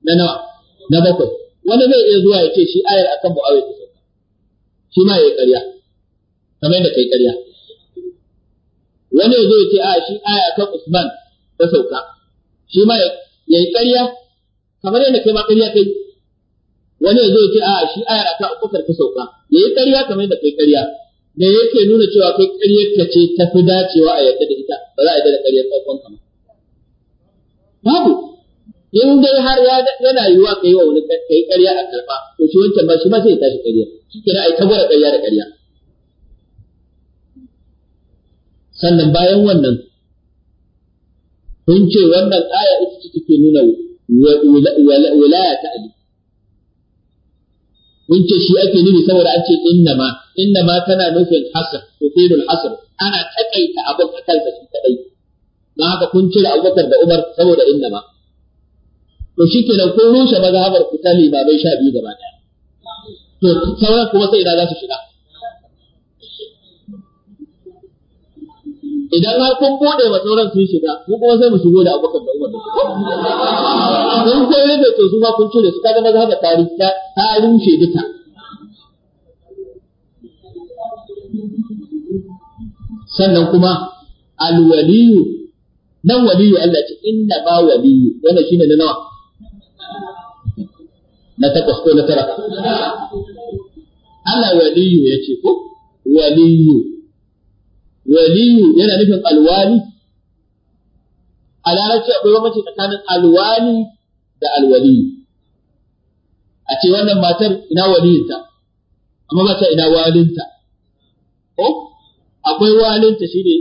na nawa na bakwai wani zai iya zuwa ya ce shi ayar akan mu'awiya ta sauka shi ma yayi ƙarya kamar yadda kai ƙarya wani ya zo ya ce a shi aya akan usman ta sauka shi ma ya yi ƙarya kamar yadda kai ma ƙarya kai wani ya zo ya ce a shi ayar a ta uku karfi sauka ya yi ƙarya kamar yadda kai ƙarya me yake nuna cewa kai ƙaryar ka ce ta fi dacewa a yarda da ita ba za a yadda da ƙaryar farkon ka babu in dai har yana yiwuwa ka yi wa wani ka yi ƙarya a karfa to shi wancan ba shi ma sai ya tashi ƙarya shi ke a yi gwada ƙarya da ƙarya sannan bayan wannan sun ce wannan aya ita ce take nuna wilaya ta Ali mun ce shi ake nufi saboda an ce innama innama tana nufin hasr tufidul hasr ana takaita abin a kansa shi kadai don haka kun cire Abubakar da Umar saboda innama to shikenan kun rushe mazhabar ku ta limamai sha biyu gaba daya to sauran kuma sai ina za su shiga idan har kun bude wa sauran sun shiga mu kuma sai mu shigo da abokan da umar da su? sai yadda to su ma kun cire su kaga maza haka tarihi ta rushe duka sannan kuma alwaliyu nan waliyu Allah ce inna ba waliyu wannan shine na nawa na takwas ko na tara Allah waliyu ya ce ko waliyu waliyu yana nufin alwali a larabci akwai bambanci tsakanin alwali da alwaliyu a ce wannan matar ina waliyinta amma ba ta ina walinta ko akwai walinta shine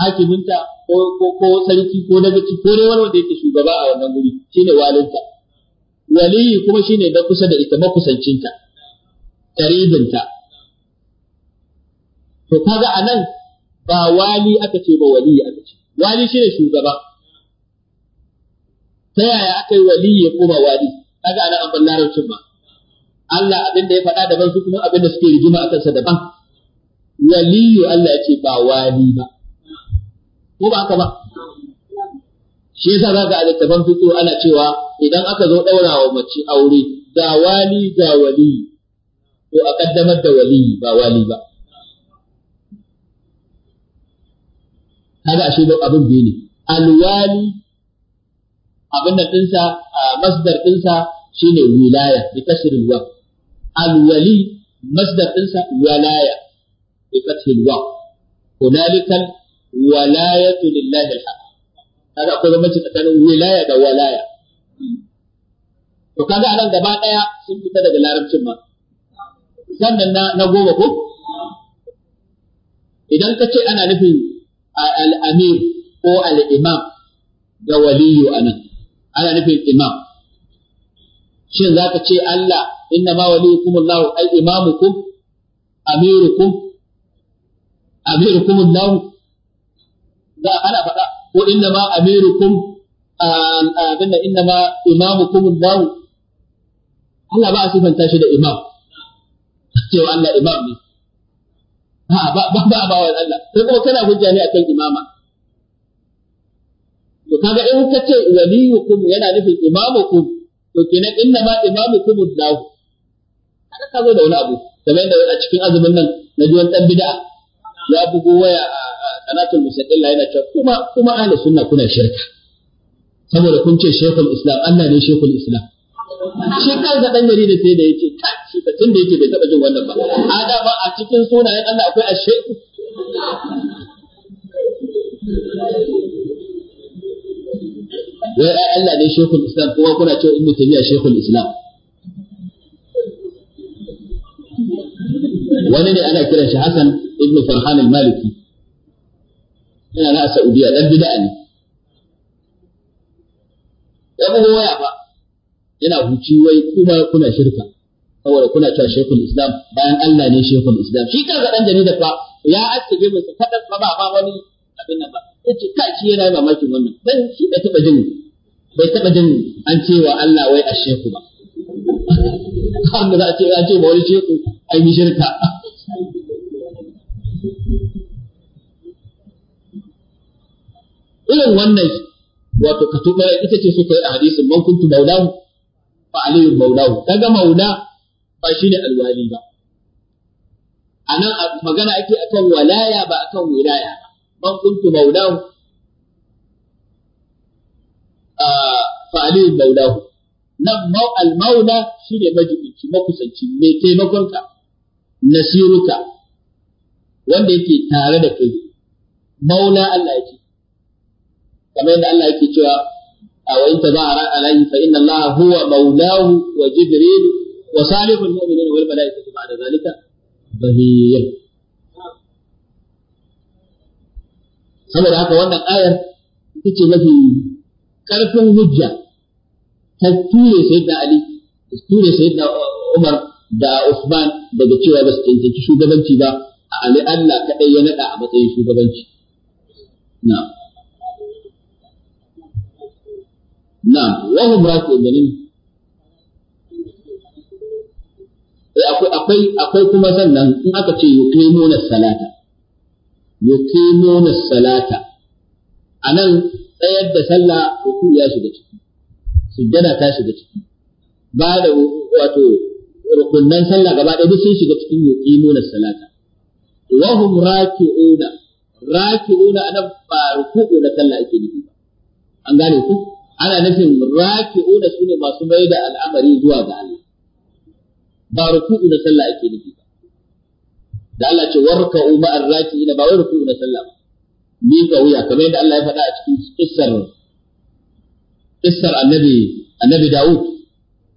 hakiminta ko ko sarki ko dagaci ko dai wani wanda yake shugaba a wannan guri shine walinta waliyi kuma shine da kusa da ita makusancinta karibinta to kaga anan ba wali aka ce ba wali aka ce wali shine shugaba ta yaya aka yi wali ya koma wali kaga ana an ban larabcin ba Allah abin da ya faɗa daban su kuma abin da suke rigima a kansa daban waliyu Allah ya ce ba wali ba ko ba haka ba shi yasa za ga alittafan fito ana cewa idan aka zo ɗaura wa mace aure ga wali ga wali to a kaddamar da wali ba wali ba kaga ashe da abin bene. ne alwali abin da dinsa masdar dinsa shine wilaya bi kasr alwa alwali masdar dinsa walaya bi kasr alwa hunalika walayatu lillahi alhaq kaga akwai bambanci tsakanin wilaya da walaya to kaga anan gaba daya sun fita daga larabcin ma sannan na goma ko idan ka ce ana nufin al'amir ko al'imam da waliyu a nan, ana nufin imam. Shin za ka ce Allah inna ma waliyu waliyukum Allah ai imamukum amirukum amirukum Allah a ana faɗa ko inna ma amiru amirukum abinda inna ma imamu kuma Allah Allah ba a sifanta shi da imam cewa Allah imam ne A'a ba ba ba ba Allah sai kuma kana hujja ne akan imama to kaga in ka ce waliyukum yana nufin imamukum to kenan inna ma imamukum Allah kada ka zo da wani abu kamar yadda a cikin azumin nan na ji wani dan bid'a ya bugu waya a kanatul mustaqilla yana cewa kuma kuma ahlus sunna kuna shirka saboda kun ce shaykhul islam Allah ne shaykhul islam shi kansa dan gari da sai da yace kai shi tun da yake bai taɓa jin wannan ba a da ba a cikin sunayen Allah akwai ashe? wai ai Allah ne shekul islam kuma kuna cewa ibnu taymiya shekul islam wani ne ana kiran shi Hassan ibnu Farhan al-Maliki yana na Saudiya dan bid'a ne ya bugo waya ba yana huci wai kuma kuna shirka saboda kuna cewa shekul islam bayan Allah ne shekul islam shi kansa dan jarida fa ya aske mu kadan ba ba ba wani abin nan ba yace kai shi yana mamakin wannan dan shi bai taba jin bai taba jin an cewa Allah wai asheku ba kan da ce an ce ba wani sheku ai mi shirka irin wannan wato katuba ita ce suka yi a hadisin man kuntu maulahu fa aliyu maulahu kaga maula ba shi ne alwali ba. A nan magana ake akan walaya ba akan wilaya ba, man kuntu maulahu a ah, fa'alin maulahu. Nan al-maula shi ne majibinci makusanci mai taimakonka, nasiruka, wanda yake tare da kai, maula Allah yake. Kamar yadda Allah yake cewa, a wa in ta ba a ra'alayi fa inna Allah huwa maulahu wa jibrilu وصالح المؤمنين والملائكة بعد ذلك ظهير saboda haka wannan ayar ita ce mafi ƙarfin hujja ta ture sayyidina Ali ta ture sayyidina Umar da Usman daga cewa ba su cancanci shugabanci ba a Ali Allah kaɗai ya naɗa a matsayin shugabanci na na wahum rasu da akwai akwai kuma sannan in aka ce yuqimuna salata yuqimuna salata anan tsayar da sallah ruku ya shiga ciki sujjada ta shiga ciki ba da wato rukunnan sallah gaba ɗaya duk sun shiga cikin yuqimuna salata wa hum raki'una raki'una anan ba ruku'u na sallah ake nufi ba an gane ku ana nufin raki'una sune masu mai da al'amari zuwa ga Allah ba ruku'u na sallah ake nufi ba da Allah ce warka'u ma'ar ina ba wai ruku'u na sallah ba mika wuya kamar yadda Allah ya faɗa a cikin kissar kissar annabi annabi Dawud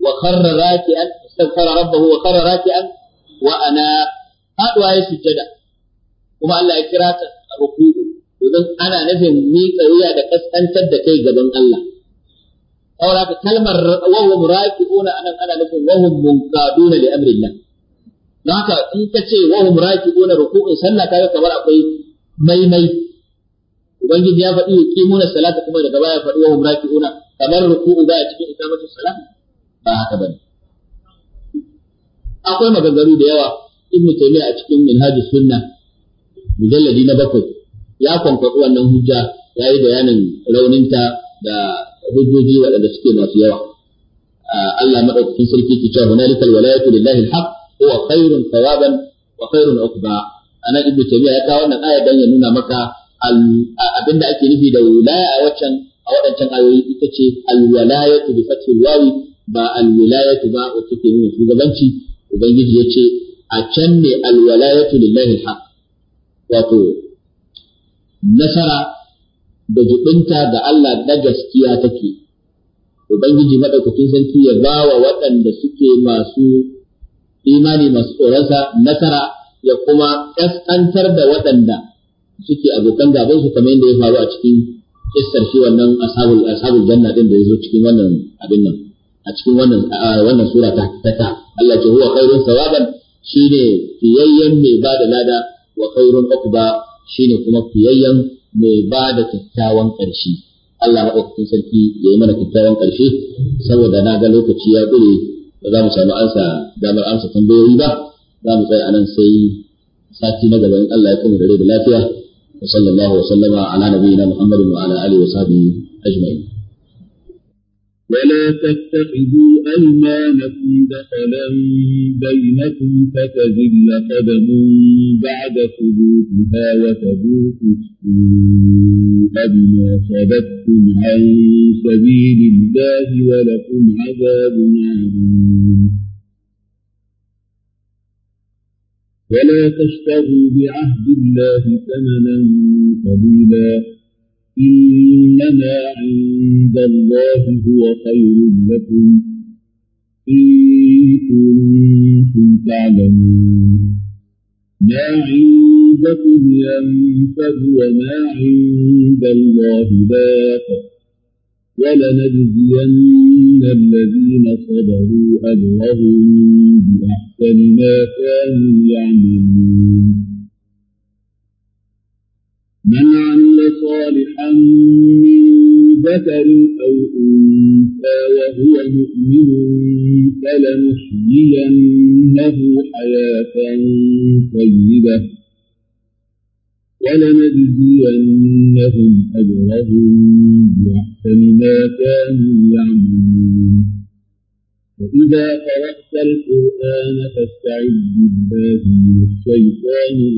wa kharra raki'an istaghfara rabbahu wa kharra raki'an wa ana haduwa ya sujjada kuma Allah ya kira ta ruku'u to ana nufin mika wuya da kaskantar da kai gaban Allah saboda ka kalmar wa hum raki'una anan ana nufin wa hum munqaduna li amrillah don haka in ka ce wa hum raki'una ruku'in sallah kaga kamar akwai maimai ubangiji ya faɗi yuqimuna salata kuma daga baya faɗi wa hum raki'una kamar ruku'u baya cikin ikamatu salah ba haka bane akwai maganganu da yawa ibnu taymiya a cikin minhajus sunna mujalladi na bakwai ya kwankwaɗi wannan hujja ya yi bayanin rauninta da hujjoji waɗanda suke masu yawa Allah madaukakin sarki ke cewa hunalika alwalayatu lillahi alhaq huwa khairun thawaban wa khairun uqba anan ibnu tabiya ya kawo wannan aya dan ya nuna maka abinda ake nufi da wilaya a waccan a waɗancan ayoyi ita ce alwalayatu bi fathi wawi ba alwilayatu ba wacce ke nuna shugabanci ubangiji ya ce a lillahi wato nasara da jibinta da Allah na gaskiya take ubangiji madaukakin sarki ya ba wa waɗanda suke masu imani masu tsoronsa nasara ya kuma ƙasƙantar da waɗanda suke abokan gaban su kamar yadda ya faru a cikin kissar shi wannan ashabul janna din da ya zo cikin wannan abin nan a cikin wannan wannan sura ta ta Allah ke huwa khairun sawaban shine fiyayyen mai bada lada wa khairun uqba shine kuma fiyayyen mai ba da kyakkyawan ƙarshe Allah maɗaukakin sarki ya yi mana kyakkyawan ƙarshe saboda na ga lokaci ya ƙure ba za mu samu ansa damar amsa tambayoyi ba za mu tsaya anan sai sati na gaba in Allah ya kuma da rai da lafiya wa sallallahu wa sallama ala nabiyina Muhammadin wa ala alihi wa sahbihi ajma'in ولا تتخذوا أيمانكم دخلا بينكم فتزل قدم بعد ثبوتها وتبوك السوء بما صددتم عن سبيل الله ولكم عذاب عظيم ولا تشتروا بعهد الله ثمنا قليلا إنما عند الله هو خير لكم إن كنتم تعلمون ما عندكم ينفذ وما عند الله باق ولنجزين الذين صبروا أجرهم بأحسن ما كانوا يعملون training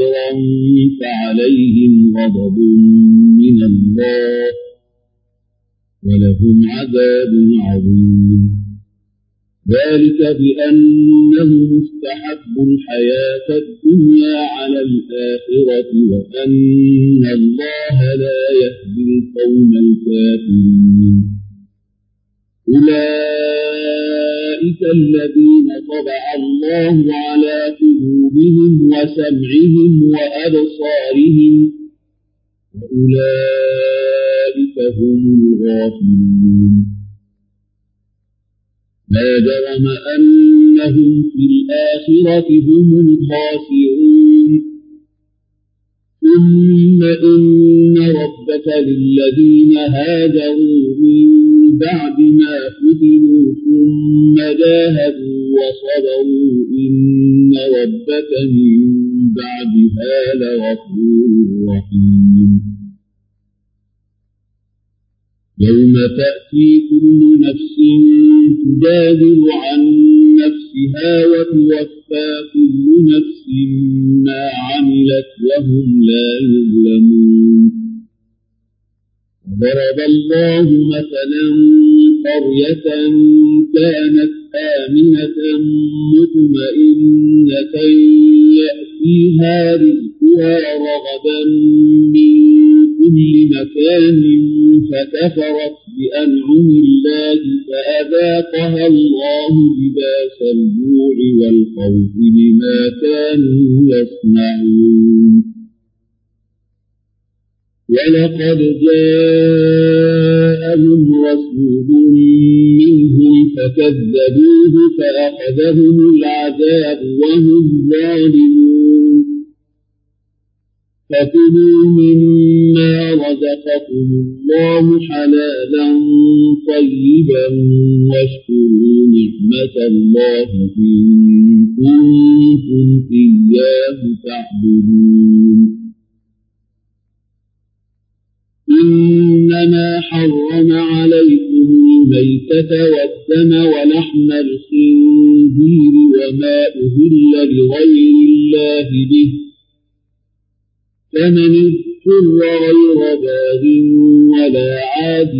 كفرا فعليهم غضب من الله ولهم عذاب عظيم ذلك بأنهم استحبوا الحياة الدنيا على الآخرة وأن الله لا يهدي القوم الكافرين أولئك الذين طبع الله على قلوبهم وسمعهم وأبصارهم وأولئك هم الغافلون لا جرم أنهم في الآخرة هم الخاسرون ثم إن ربك للذين هاجروا من بعد ما فتنوا ثم جاهدوا وصبروا إن ربك من بعدها لغفور رحيم يوم تأتي كل نفس تجادل عن نفسها وتوفى كل نفس ما عملت وهم لا يظلمون ضرب الله مثلا قرية كانت آمنة مطمئنة يأتيها رزقها رغدا من كل مكان فكفرت بأنعم الله فأذاقها الله لباس الجوع والخوف بما كانوا يصنعون ولقد جاءهم رسول منهم فكذبوه فأخذهم العذاب وهم ظالمون فكلوا مما رزقكم الله حلالا طيبا واشكروا نعمة الله إن كنتم إياه تعبدون إنما حرم عليكم الميتة والدم ولحم الخنزير وما أهل لغير الله به فمن اذكر غير باغ ولا عاد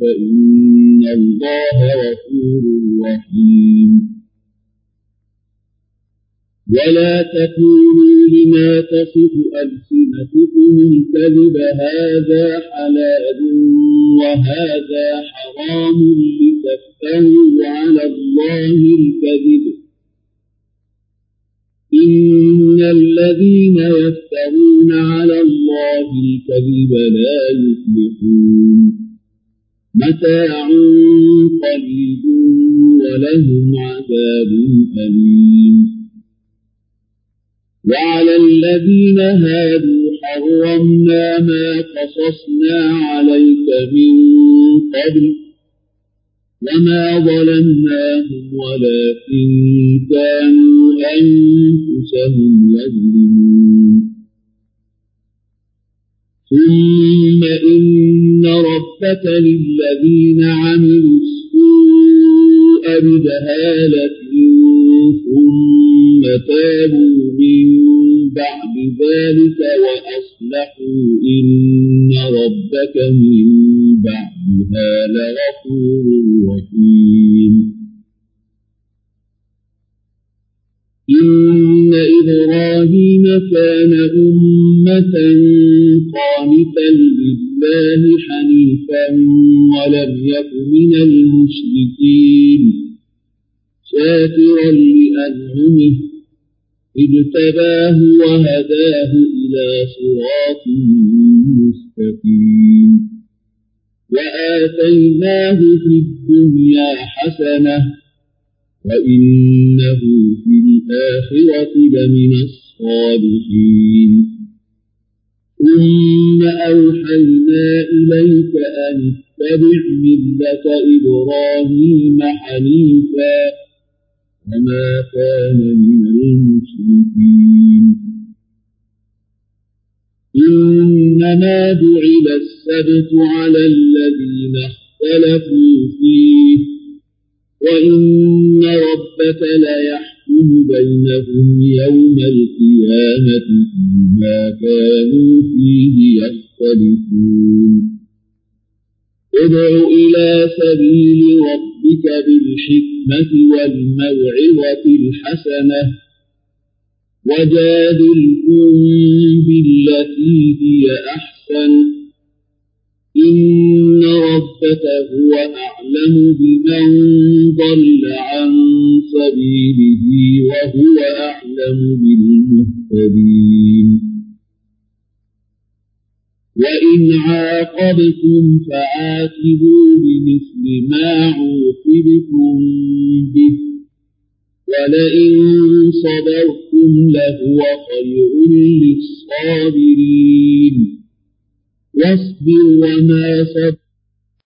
فإن الله غفور رحيم ولا تكونوا لما تصف ألسنتكم الكذب هذا حلال وهذا حرام لتفتروا على الله الكذب إن الذين يفترون على الله الكذب لا يفلحون متاع قليل ولهم عذاب أليم وعلى الذين هادوا حرمنا ما قصصنا عليك من قبل وما ظلمناهم ولكن كانوا أنفسهم يظلمون ثم إن ربك للذين عملوا السوء بجهالة ثم تابوا من بعد ذلك وأصلحوا إن ربك من بعدها لغفور حسنة وإنه في الآخرة لمن الصالحين ثم أوحينا إليك أن اتبع ملة إبراهيم حنيفا وما كان من المشركين إنما جعل السبت على الذين اختلفوا فيه وإن ربك ليحكم بينهم يوم القيامة فيما كانوا فيه يختلفون ادع إلى سبيل ربك بالحكمة والموعظة الحسنة وجادلهم بالتي هي أحسن إن ربك هو أعلم بمن ضل عن سبيله وهو أعلم بالمهتدين وإن عاقبتم فعاتبوا بمثل ما عوقبتم به ولئن صبرتم لهو خير للصابرين وَاصْبِرْ وَمَا صَبْرُكَ